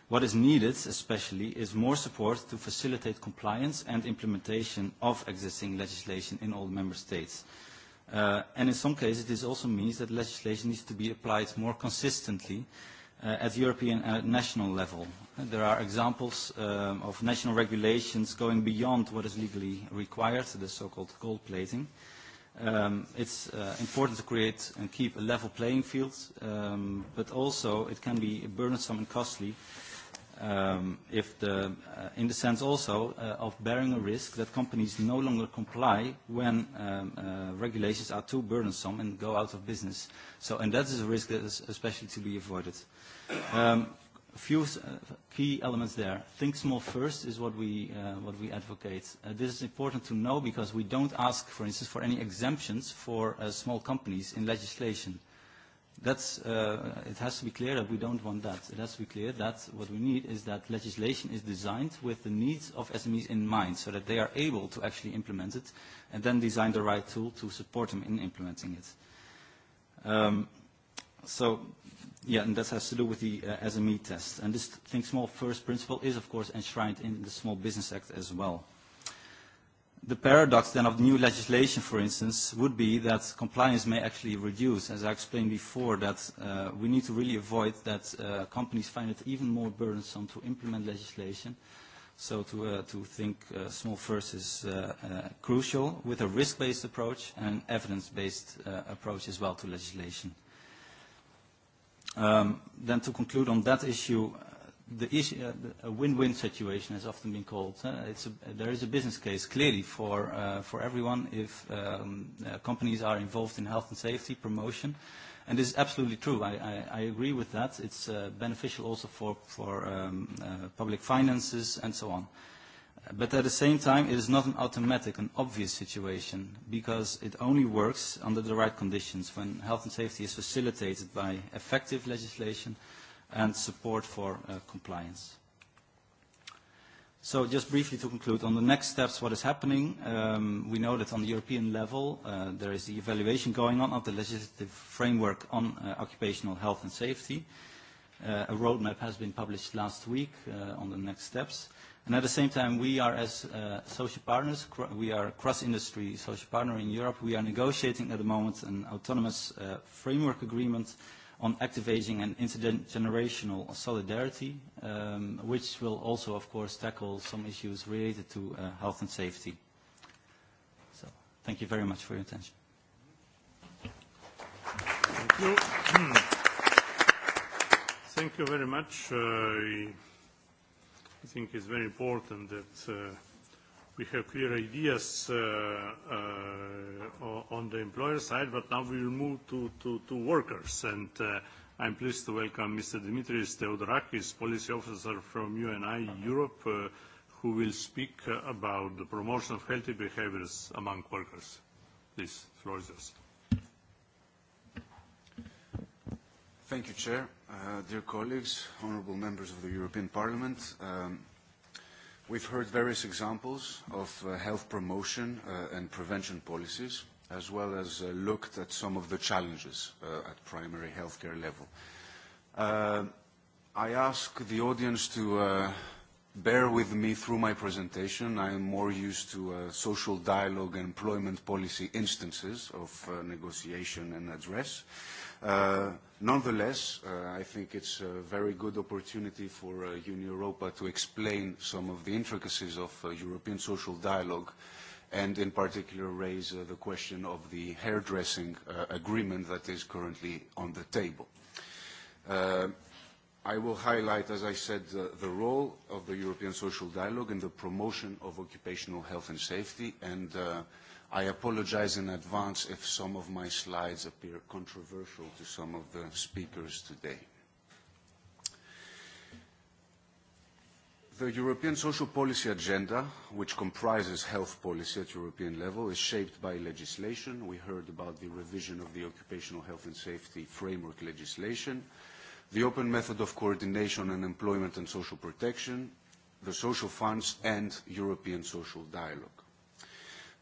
What is needed, especially, is more support to facilitate compliance and implementation of existing legislation in all member states. Uh, and in some cases, this also means that legislation needs to be applied more consistently uh, uh, at European and uh, at national level. There are examples um, of national regulations going beyond what is legally required, the so-called gold plating. Um, it's uh, important to create and keep a level playing field, um, but also it can be burdensome and costly uh, um, if the, uh, in the sense also uh, of bearing a risk that companies no longer comply when um, uh, regulations are too burdensome and go out of business. So, and that is a risk that is especially to be avoided. Um, a few uh, key elements there. Think small first is what we, uh, what we advocate. Uh, this is important to know because we don't ask, for instance, for any exemptions for uh, small companies in legislation. That's, uh, it has to be clear that we don't want that. It has to be clear that what we need is that legislation is designed with the needs of SMEs in mind so that they are able to actually implement it and then design the right tool to support them in implementing it. Um, so, yeah, and that has to do with the uh, SME test. And this Think Small First principle is, of course, enshrined in the Small Business Act as well. Uh, the paradox then of the new legislation, for instance, would be that compliance may actually reduce, as I explained before, that uh, we need to really avoid that uh, companies find it even more burdensome to implement legislation. So to, uh, to think uh, small first is uh, uh, crucial with a risk-based approach and an evidence-based uh, approach as well to legislation. Um, then to conclude on that issue, the issue, uh, the, a win-win situation has often been called. Uh, it's a, there is a business case clearly for uh, for everyone if um, uh, companies are involved in health and safety promotion, and this is absolutely true. I, I, I agree with that. It's uh, beneficial also for for um, uh, public finances and so on. But at the same time, it is not an automatic and obvious situation because it only works under the right conditions when health and safety is facilitated by effective legislation, uh, and support for uh, compliance. So just briefly to conclude, on the next steps, what is happening, um, we know that on the European level, uh, there is the evaluation going on of the legislative framework on uh, occupational health and safety. Uh, a roadmap has been published last week uh, on the next steps. And at the same time, we are as uh, social partners, we are cross-industry social partner in Europe, we are negotiating at the moment an autonomous uh, framework agreement uh, on activating an intergenerational solidarity, um, which will also, of course, tackle some issues related to uh, health and safety. So, thank you very much for your attention. Thank you. thank you very much. Uh, I think it's very important that uh, we have clear ideas uh, uh, on the employer side, but now we will move to, to, to workers. And uh, I'm pleased to welcome Mr. Dimitris Theodorakis, Policy Officer from UNI Europe, uh, who will speak uh, about the promotion of healthy behaviors among workers. Please, the floor is yours. Thank you, Chair. Uh, dear colleagues, honorable members of the European Parliament, um, We've heard various examples of uh, health promotion uh, and prevention policies, as well as uh, looked at some of the challenges uh, at primary healthcare level. Uh, I ask the audience to uh, bear with me through my presentation. I am more used to uh, social dialogue and employment policy instances of uh, negotiation and address. Uh, Uh, nonetheless, uh, I think it's a very good opportunity for uh, Union Europa to explain some of the intricacies of uh, European social dialogue and in particular raise uh, the question of the hairdressing uh, agreement that is currently on the table. Uh, I will highlight, as I said, uh, the role of the European Social Dialogue in the promotion of occupational health and safety and uh, I apologize in advance if some of my slides appear controversial to some of the speakers today. The European Social Policy Agenda, which comprises health policy at European level, is shaped by legislation. We heard about the revision of the Occupational Health and Safety Framework legislation, the open method of coordination on employment and social protection, the social funds, and European social dialogue.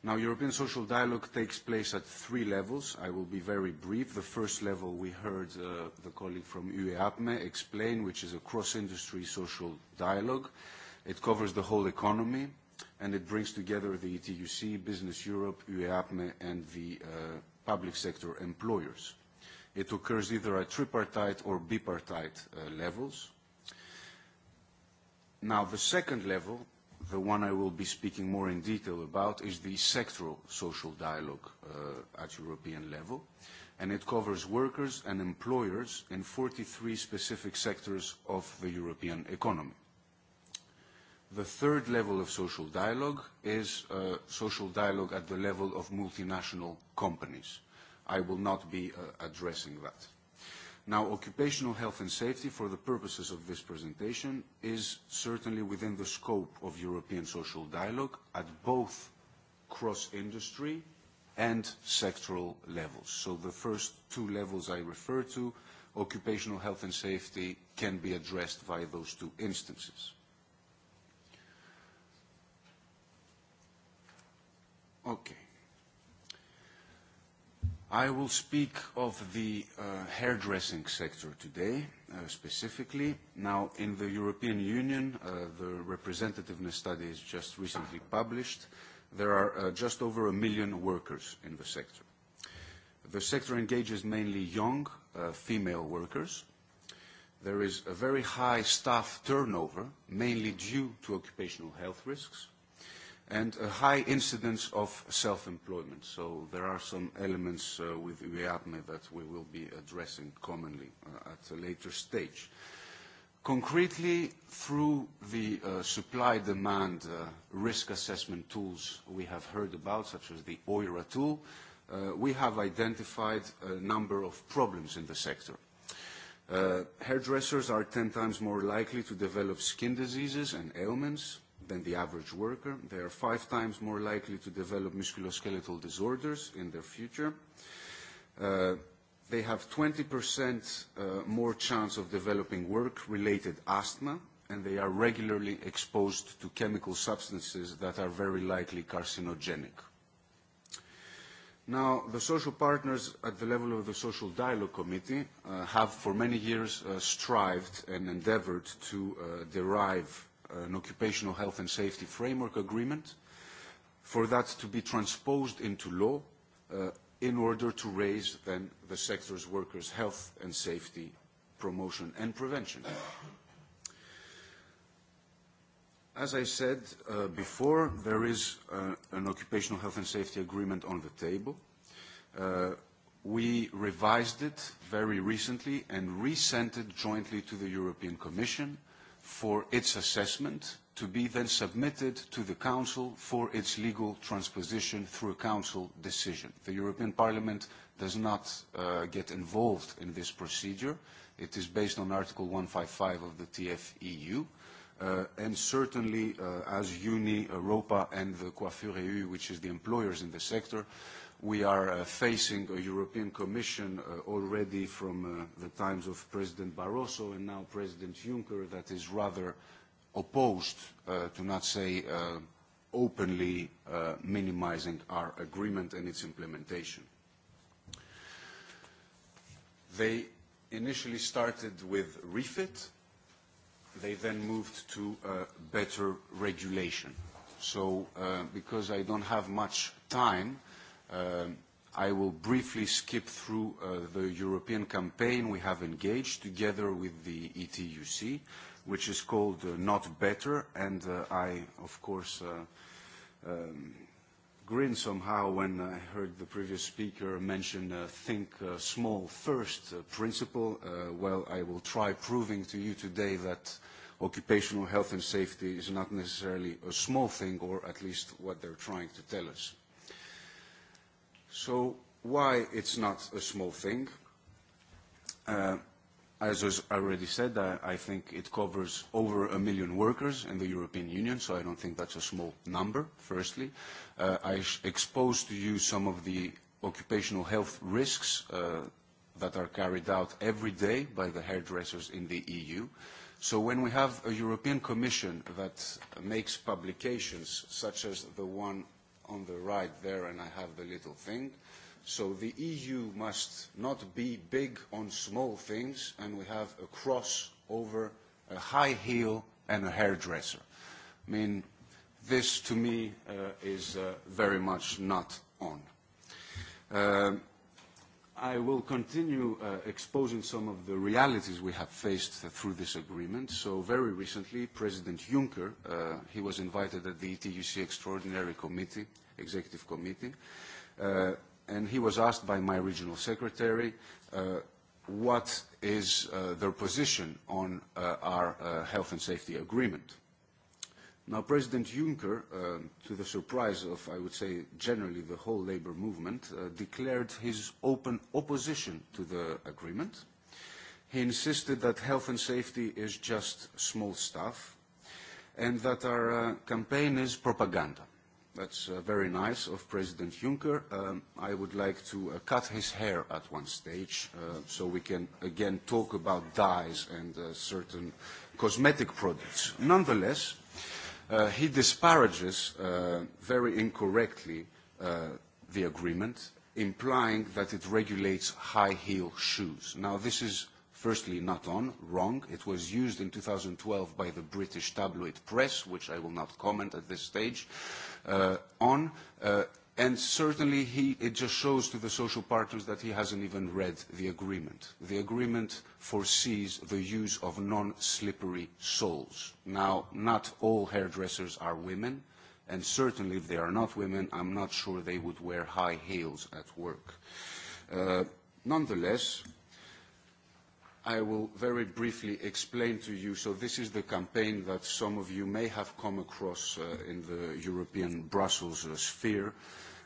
Now, European social dialogue takes place at three levels. I will be very brief. The first level we heard uh, the colleague from UEAPME explain, which is a cross-industry social dialogue. It covers the whole economy, and it brings together the ETUC, Business Europe, UEAPME, and the uh, public sector employers. It occurs either at tripartite or bipartite uh, levels. Now, the second level The one I will be speaking more in detail about is the sectoral social dialogue uh, at European level, and it covers workers and employers in 43 specific sectors of the European economy. The third level of social dialogue is uh, social dialogue at the level of multinational companies. I will not be uh, addressing that. Now, occupational health and safety, for the purposes of this presentation, is certainly within the scope of European social dialogue at both cross-industry and sectoral levels. So the first two levels I refer to, occupational health and safety, can be addressed via those two instances. Okay. I will speak of the uh, hairdressing sector today, uh, specifically. Now, in the European Union, uh, the representativeness study is just recently published. There are uh, just over a million workers in the sector. The sector engages mainly young uh, female workers. There is a very high staff turnover, mainly due to occupational health risks and a high incidence of self-employment. So there are some elements uh, with UEAPME that we will be addressing commonly uh, at a later stage. Concretely, through the uh, supply-demand uh, risk assessment tools we have heard about, such as the OIRA tool, uh, we have identified a number of problems in the sector. Uh, hairdressers are 10 times more likely to develop skin diseases and ailments than the average worker. They are five times more likely to develop musculoskeletal disorders in their future. Uh, they have 20% uh, more chance of developing work-related asthma, and they are regularly exposed to chemical substances that are very likely carcinogenic. Now, the social partners at the level of the Social Dialogue Committee uh, have for many years uh, strived and endeavored to uh, derive an occupational health and safety framework agreement, for that to be transposed into law uh, in order to raise then the sector's workers' health and safety promotion and prevention. As I said uh, before, there is uh, an occupational health and safety agreement on the table. Uh, we revised it very recently and resent it jointly to the European Commission for its assessment to be then submitted to the Council for its legal transposition through a Council decision. The European Parliament does not uh, get involved in this procedure. It is based on Article 155 of the TFEU. Uh, and certainly, uh, as UNI, Europa, and the Coiffure EU, which is the employers in the sector, uh, we are uh, facing a European Commission uh, already from uh, the times of President Barroso and now President Juncker that is rather opposed, uh, to not say uh, openly uh, minimizing our agreement and its implementation. They initially started with refit. They then moved to uh, better regulation. So uh, because I don't have much time, Um, I will briefly skip through uh, the European campaign we have engaged together with the ETUC, which is called uh, Not Better, and uh, I, of course, uh, um, grin somehow when uh, I heard the previous speaker mention uh, think uh, small first uh, principle. Uh, well, I will try proving to you today that occupational health and safety is not necessarily a small thing, or at least what they're trying to tell us. Uh, So why it's not a small thing? Uh, as was already said, I, I think it covers over a million workers in the European Union, so I don't think that's a small number, firstly. Uh, I exposed to you some of the occupational health risks uh, that are carried out every day by the hairdressers in the EU. So when we have a European Commission that makes publications such as the one on the right there, and I have the little thing. So the EU must not be big on small things, and we have a cross over a high heel and a hairdresser. I mean, this to me uh, is uh, very much not on. Um, uh, I will continue uh, exposing some of the realities we have faced uh, through this agreement. So very recently, President Juncker, uh, he was invited at the ETUC Extraordinary Committee, Executive Committee, uh, and he was asked by my regional secretary uh, what is uh, their position on uh, our uh, health and safety agreement. Uh, Now, President Juncker, uh, to the surprise of, I would say, generally the whole labor movement, uh, declared his open opposition to the agreement. He insisted that health and safety is just small stuff and that our uh, campaign is propaganda. That's uh, very nice of President Juncker. Um, I would like to uh, cut his hair at one stage uh, so we can again talk about dyes and uh, certain cosmetic products. Nonetheless, Uh, he disparages, uh, very incorrectly, uh, the agreement, implying that it regulates high-heel shoes. Now, this is firstly not on, wrong. It was used in 2012 by the British tabloid press, which I will not comment at this stage, uh, on. Uh, And certainly he, it just shows to the social partners that he hasn't even read the agreement. The agreement foresees the use of non-slippery soles. Now, not all hairdressers are women, and certainly if they are not women, I'm not sure they would wear high heels at work. Uh, nonetheless, I will very briefly explain to you. So this is the campaign that some of you may have come across uh, in the European Brussels uh, sphere. Uh,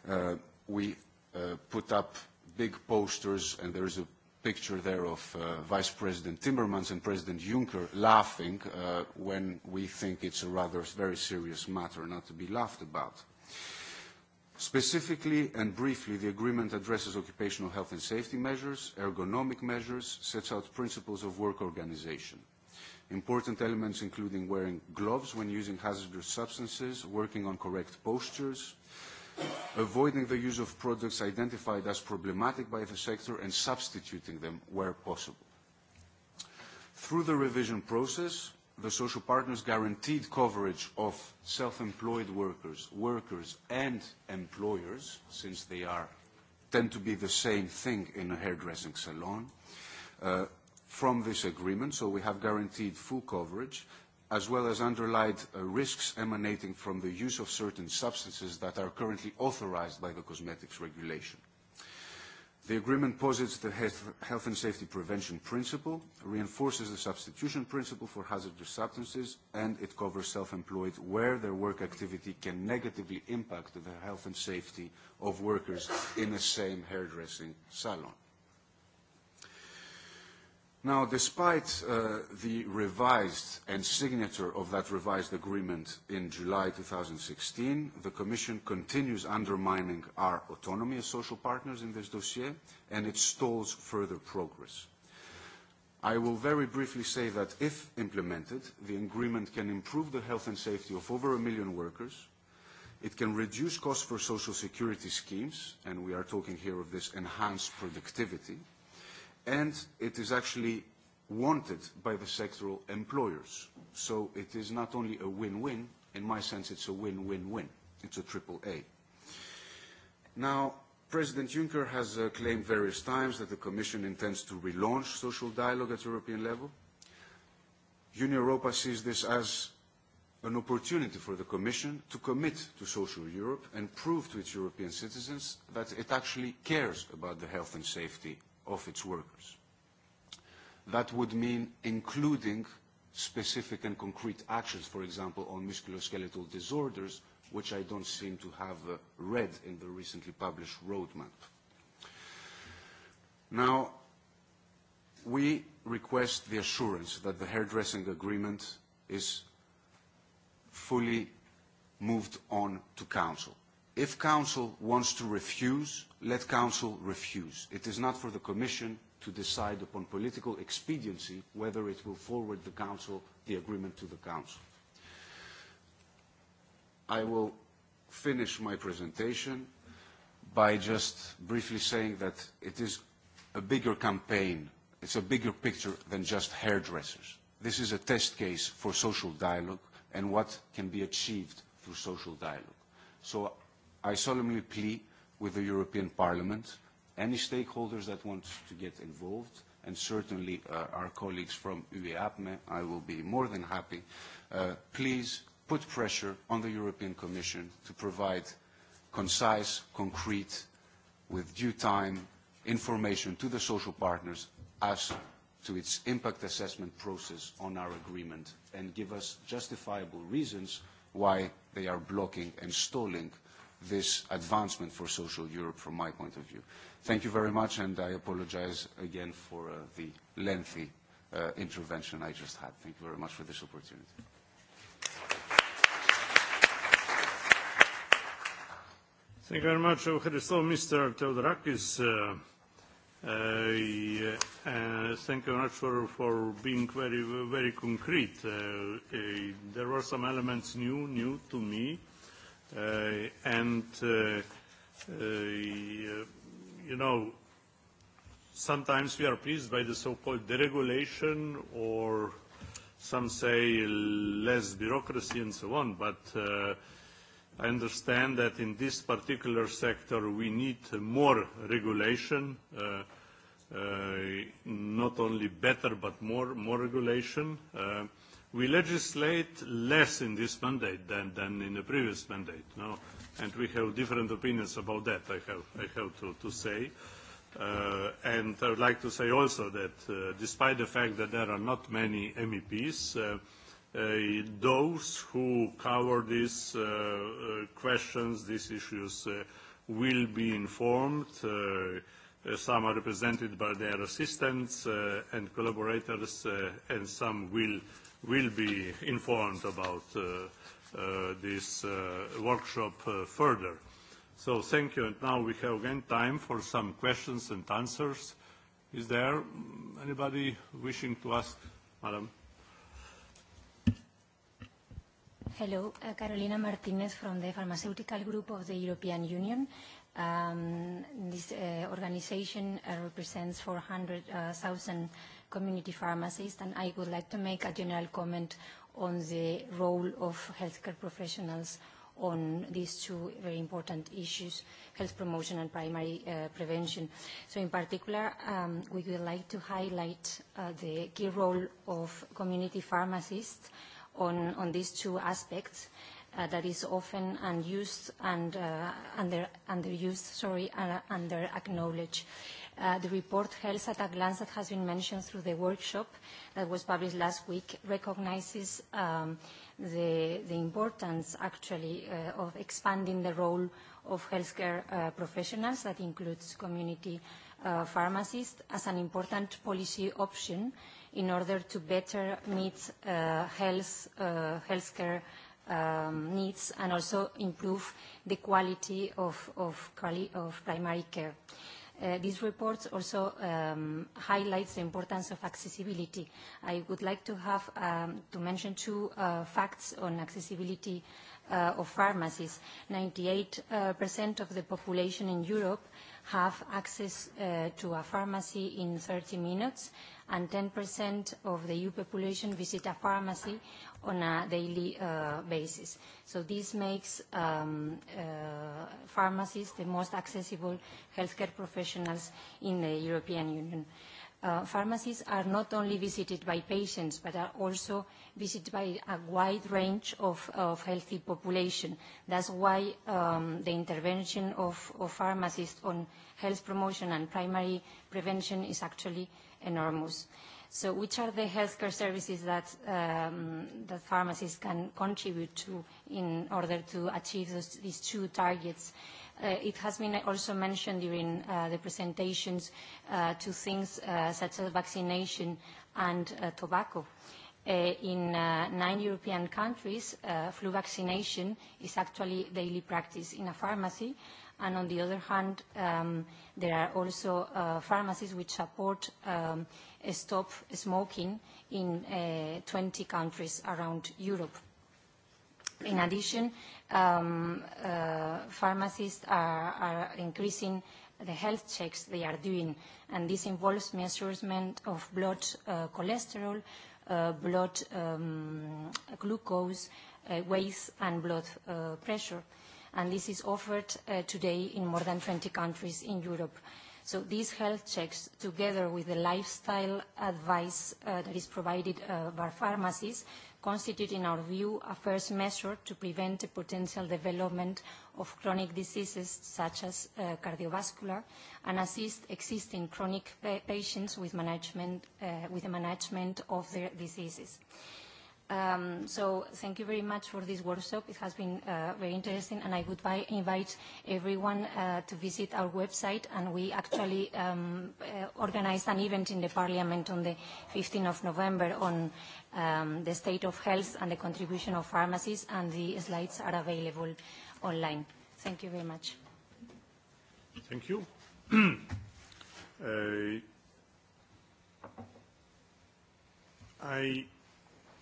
uh, we uh, put up big posters, and there is a picture there of uh, Vice President Timmermans and President Juncker laughing uh, when we think it's a rather very serious matter not to be laughed about. Specifically and briefly, the agreement addresses occupational health and safety measures, ergonomic measures, sets out principles of work organization. Important elements including wearing gloves when using hazardous substances, working on correct postures, uh, avoiding the use of products identified as problematic by the sector and substituting them where possible. Through the revision process, the social partners guaranteed coverage of self-employed workers, workers and employers, since they are, tend to be the same thing in a hairdressing salon, uh, from this agreement, so we have guaranteed full coverage, as well as underlied uh, risks emanating from the use of certain substances that are currently authorized by the cosmetics regulation. The agreement posits the health, health and safety prevention principle, reinforces the substitution principle for hazardous substances, and it covers self-employed where their work activity can negatively impact the health and safety of workers in the same hairdressing salon. Now, despite uh, the revised and signature of that revised agreement in July 2016, the Commission continues undermining our autonomy as social partners in this dossier, and it stalls further progress. I will very briefly say that if implemented, the agreement can improve the health and safety of over a million workers. It can reduce costs for social security schemes, and we are talking here of this enhanced productivity – and it is actually wanted by the sectoral employers. So it is not only a win-win, in my sense it's a win-win-win. It's a triple A. Now, President Juncker has uh, claimed various times that the Commission intends to relaunch social dialogue at European level. Union Europa sees this as an opportunity for the Commission to commit to social Europe and prove to its European citizens that it actually cares about the health and safety of its workers. That would mean including specific and concrete actions, for example, on musculoskeletal disorders, which I don't seem to have uh, read in the recently published roadmap. Now, we request the assurance that the hairdressing agreement is fully moved on to Council. If Council wants to refuse, let Council refuse. It is not for the Commission to decide upon political expediency whether it will forward the Council, the agreement to the Council. I will finish my presentation by just briefly saying that it is a bigger campaign, it's a bigger picture than just hairdressers. This is a test case for social dialogue and what can be achieved through social dialogue. So I solemnly plea with the European Parliament, any stakeholders that want to get involved, and certainly uh, our colleagues from UEAPME, I will be more than happy, uh, please put pressure on the European Commission to provide concise, concrete, with due time, information to the social partners as to its impact assessment process on our agreement and give us justifiable reasons why they are blocking and stalling uh, this advancement for social Europe from my point of view. Thank you very much, and I apologize again for uh, the lengthy uh, intervention I just had. Thank you very much for this opportunity. Thank you very much, Christo, Mr. Theodorakis. Uh, uh, uh, thank you very much for, for being very, very concrete. Uh, uh, there were some elements new, new to me. Uh, Uh, and, uh, uh, you know, sometimes we are pleased by the so-called deregulation or some say less bureaucracy and so on, but uh, I understand that in this particular sector we need more regulation, uh, uh, not only better but more, more regulation. Uh, We legislate less in this mandate than, than in the previous mandate, no? and we have different opinions about that, I have, I have to, to say. Uh, and I would like to say also that uh, despite the fact that there are not many MEPs, uh, uh, those who cover these uh, uh, questions, these issues, uh, will be informed. Uh, uh some are represented by their assistants uh, and collaborators, uh, and some will will be informed about uh, uh, this uh, workshop uh, further. So thank you. And now we have again time for some questions and answers. Is there anybody wishing to ask, Madam? Hello, uh, Carolina Martinez from the Pharmaceutical Group of the European Union. Um, this uh, organization uh, represents 400,000 community pharmacists, and I would like to make a general comment on the role of healthcare professionals on these two very important issues, health promotion and primary uh, prevention. So in particular, um, we would like to highlight uh, the key role of community pharmacists on, on these two aspects uh, that is often unused and uh, under, underused, sorry, uh, under acknowledged. Uh, Uh, the report Health at a Glance that has been mentioned through the workshop that was published last week recognizes um, the, the importance actually uh, of expanding the role of healthcare uh, professionals, that includes community uh, pharmacists, as an important policy option in order to better meet uh, health, uh, healthcare um, needs and also improve the quality of, of, of primary care. Uh, Uh, this report also um, highlights the importance of accessibility. I would like to have um, to mention two uh, facts on accessibility uh, uh, of pharmacies. 98% uh, of the population in Europe have access uh, to a pharmacy in 30 minutes, and 10% of the EU population visit a pharmacy on a daily uh, basis. So this makes um, uh, pharmacies the most accessible healthcare professionals in the European Union. Uh, Uh, pharmacies are not only visited by patients, but are also visited by a wide range of, of healthy population. That's why um, the intervention of, of pharmacists on health promotion and primary prevention is actually enormous. So which are the healthcare services that, um, that pharmacies can contribute to in order to achieve those, these two targets? Uh, it has been also mentioned during uh, the presentations uh, to things uh, such as vaccination and uh, tobacco. Uh, in uh, nine European countries, uh, flu vaccination is actually daily practice in a pharmacy, and on the other hand, um, there are also uh, pharmacies which support um, stop smoking in uh, 20 countries around Europe. Uh, In addition, um, uh, pharmacists are, are increasing the health checks they are doing, and this involves measurement of blood uh, cholesterol, uh, blood um, glucose, uh, weight, and blood uh, pressure. And this is offered uh, today in more than 20 countries in Europe. So these health checks, together with the lifestyle advice uh, that is provided uh, by pharmacies, constitute, in our view, a first measure to prevent the potential development of chronic diseases such as uh, cardiovascular and assist existing chronic pa patients with, management, uh, with the management of their diseases. Uh, Um, so thank you very much for this workshop. It has been uh, very interesting, and I would by, invite everyone uh, to visit our website. And we actually um, uh, organized an event in the Parliament on the 15th of November on um, the state of health and the contribution of pharmacies, and the slides are available online. Thank you very much. Thank you. uh, I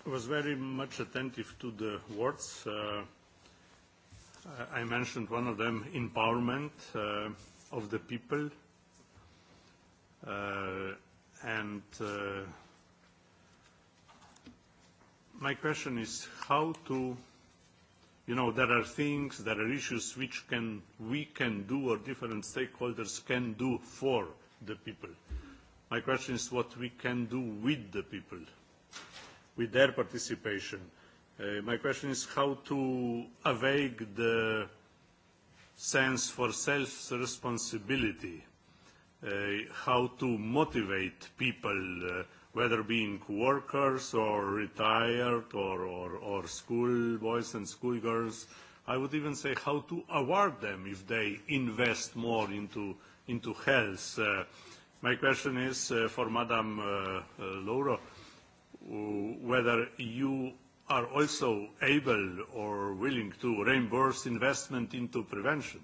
was very much attentive to the words. Uh, I mentioned one of them, empowerment uh, of the people. Uh, and uh, my question is how to, you know, there are things, there are issues which can, we can do or different stakeholders can do for the people. My question is what we can do with the people with their participation. Uh, my question is how to evade the sense for self-responsibility, uh, how to motivate people, uh, whether being workers or retired or, or, or school boys and schoolgirls. I would even say how to award them if they invest more into, into health. Uh, my question is uh, for Madam uh, uh, Laura. Uh, whether you are also able or willing to reimburse investment into prevention.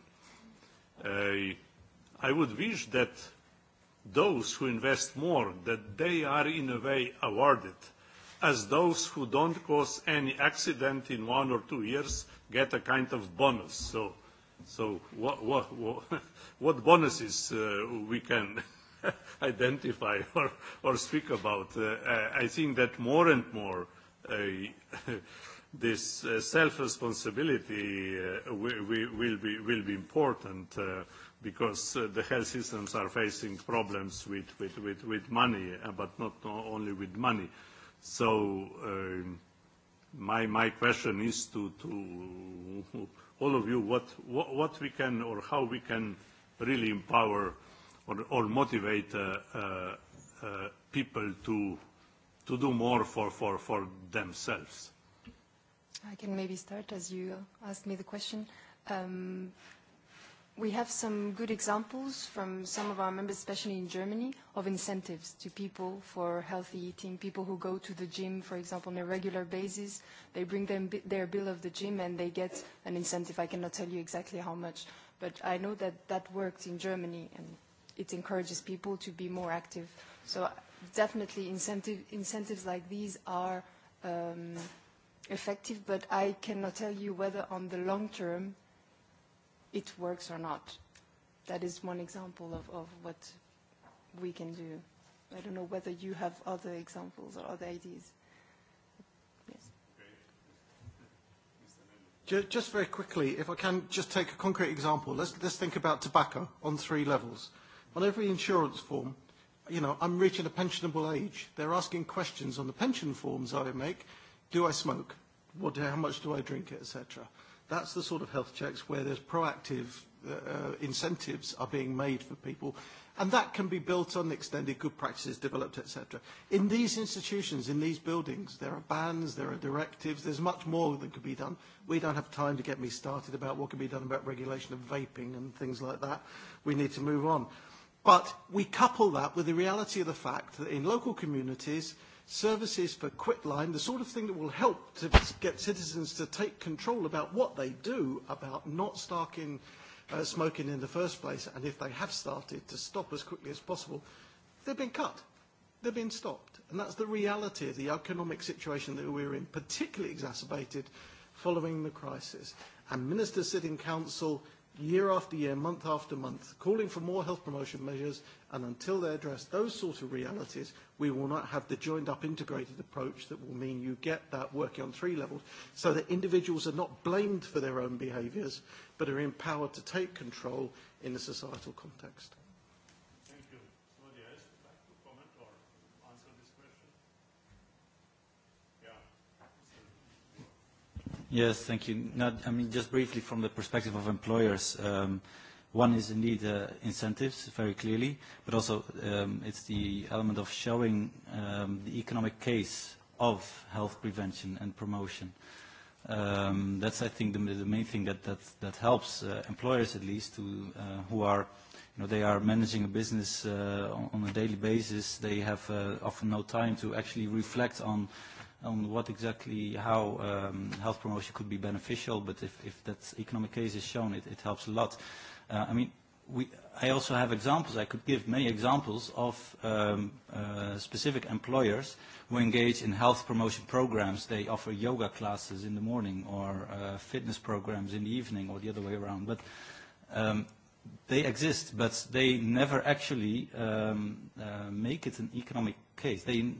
Uh, I would wish that those who invest more, that they are in a way awarded, as those who don't cause any accident in one or two years get a kind of bonus. So, so what, what, what, what bonuses uh, we can identify or, or speak about. Uh, I think that more and more uh, this uh, self-responsibility uh, will, will, be, will be important uh, because uh, the health systems are facing problems with, with, with, with money, uh, but not only with money. So um, my, my question is to, to all of you what, what, what we can or how we can really empower or, or motivate uh, uh, uh, people to, to do more for, for, for themselves? I can maybe start as you asked me the question. Um, we have some good examples from some of our members, especially in Germany, of incentives to people for healthy eating. People who go to the gym, for example, on a regular basis, they bring them their bill of the gym and they get an incentive. I cannot tell you exactly how much, but I know that that worked in Germany and it encourages people to be more active. So definitely incentive, incentives like these are um, effective, but I cannot tell you whether on the long term it works or not. That is one example of, of what we can do. I don't know whether you have other examples or other ideas. Yes. Just very quickly, if I can just take a concrete example. Let's, let's think about tobacco on three levels. Uh, on every insurance form, you know, I'm reaching a pensionable age. They're asking questions on the pension forms I make. Do I smoke? What, how much do I drink, etc. That's the sort of health checks where there's proactive uh, uh, incentives are being made for people. And that can be built on extended good practices developed, etc. In these institutions, in these buildings, there are bans, there are directives, there's much more that could be done. We don't have time to get me started about what can be done about regulation of vaping and things like that. We need to move on. Uh, But we couple that with the reality of the fact that in local communities, services for quitline, the sort of thing that will help to get citizens to take control about what they do about not starting uh, smoking in the first place, and if they have started, to stop as quickly as possible, they've been cut. They've been stopped. And that's the reality of the economic situation that we're in, particularly exacerbated following the crisis. And ministers sit in council year after year, month after month, calling for more health promotion measures, and until they address those sort of realities, we will not have the joined-up integrated approach that will mean you get that working on three levels, so that individuals are not blamed for their own behaviours, but are empowered to take control in the societal context. Yes, thank you. Not, I mean, just briefly from the perspective of employers, um, one is indeed uh, incentives, very clearly, but also um, it's the element of showing um, the economic case of health prevention and promotion. Um, that's, I think, the, the main thing that, that, that helps uh, employers, at least, to, uh, who are, you know, they are managing a business uh, on, on a daily basis. They have uh, often no time to actually reflect on uh, on what exactly how um, health promotion could be beneficial, but if, if that economic case is shown, it, it helps a lot. Uh, I mean, we, I also have examples, I could give many examples of um, uh, specific employers who engage in health promotion programs. They offer yoga classes in the morning or uh, fitness programs in the evening or the other way around. But um, they exist, but they never actually um, uh, make it an economic case. They,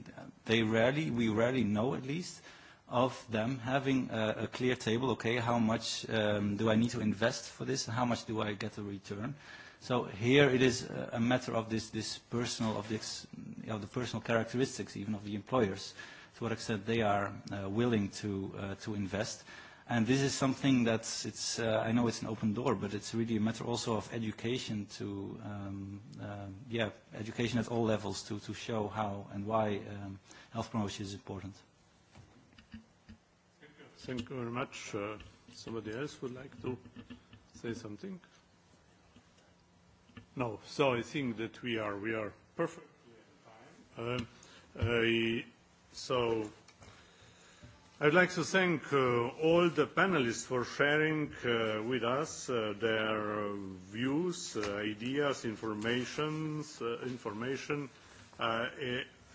they rarely, we rarely know at least, of them having a, a clear table, okay, how much um, do I need to invest for this? How much do I get a return? So here it is a matter of this, this personal, of, this, of the personal characteristics even of the employers, to what extent they are uh, willing to, uh, to invest. Uh, And this is something that's, it's, uh, I know it's an open door, but it's really a matter also of education to, um, uh, yeah, education at all levels to, to show how and why um, health promotion is important. Thank you very much. Uh, somebody else would like to say something? No. So I think that we are, we are perfect. Um, uh, so I'd like to thank uh, all the panelists for sharing uh, with us uh, their uh, views, uh, ideas, informations, uh, information. Uh,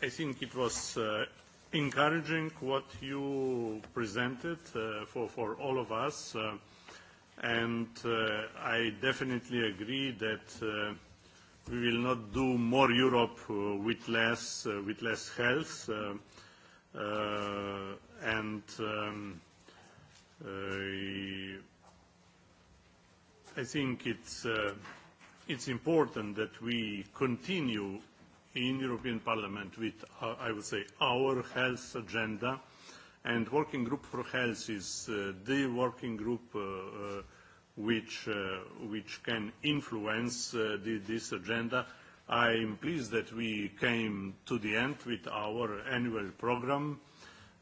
I think it was uh, encouraging what you presented uh, for, for all of us, uh, and uh, I definitely agree that uh, we will not do more Europe uh, with less uh, with less health. Uh, uh, And um, uh, I think it's, uh, it's important that we continue in European Parliament with, uh, I would say, our health agenda. And Working Group for Health is uh, the working group uh, uh, which, uh, which can influence uh, the, this agenda. I am pleased that we came to the end with our annual program. Uh,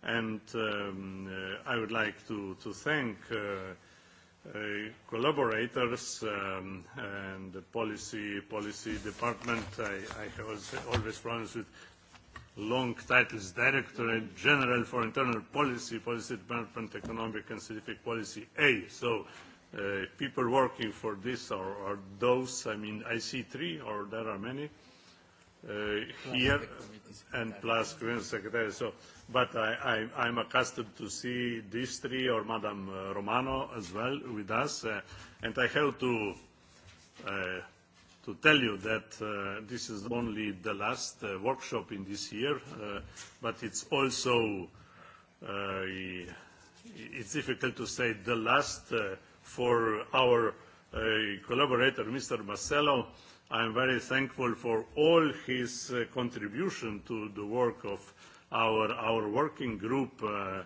And um, uh, I would like to, to thank uh, uh, collaborators um, and the policy, policy department. I, I was always promised with long titles, Directorate General for Internal Policy, Policy Department, Economic and Scientific Policy A. So uh, people working for this or, or those, I mean, I see three or there are many. Uh, uh, here and plus Community Secretary. So, but I, I, I'm accustomed to see these three or Madame uh, Romano as well with us. Uh, and I have to, uh, to tell you that uh, this is only the last uh, workshop in this year, uh, but it's also uh, it's difficult to say the last uh, for our uh, collaborator, Mr. Marcello, uh, I am very thankful for all his uh, contribution to the work of our, our working group, uh,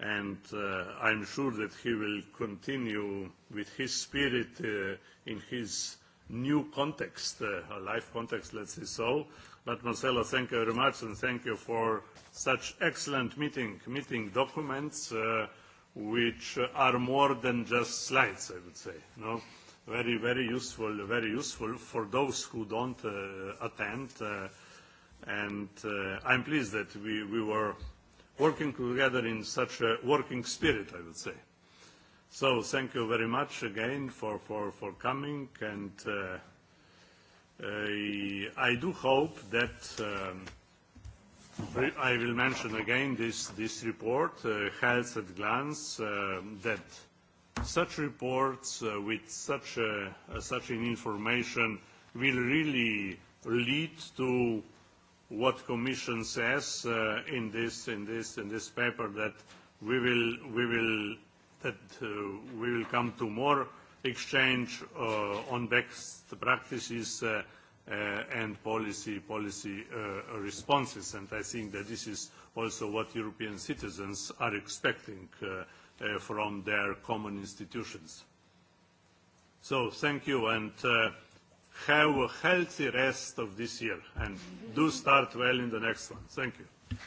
and uh, I'm sure that he will continue with his spirit uh, in his new context, uh, life context, let's say so. But Marcelo, thank you very much, and thank you for such excellent meeting, meeting documents, uh, which are more than just slides, I would say. No? very, very useful, very useful for those who don't uh, attend. Uh, and uh, I'm pleased that we, we were working together in such a working spirit, I would say. So thank you very much again for, for, for coming, and uh, I, uh, I do hope that um, I will mention again this, this report, uh, Health at Glance, uh, that Such reports uh, with such, a, uh, such an information will really lead to what Commission says uh, in, this, in, this, in this paper that we will, we will, that, uh, we will come to more exchange uh, on best practices uh, uh, and policy, policy uh, responses. And I think that this is also what European citizens are expecting uh, uh, from their common institutions. So thank you and uh, have a healthy rest of this year and do start well in the next one. Thank you.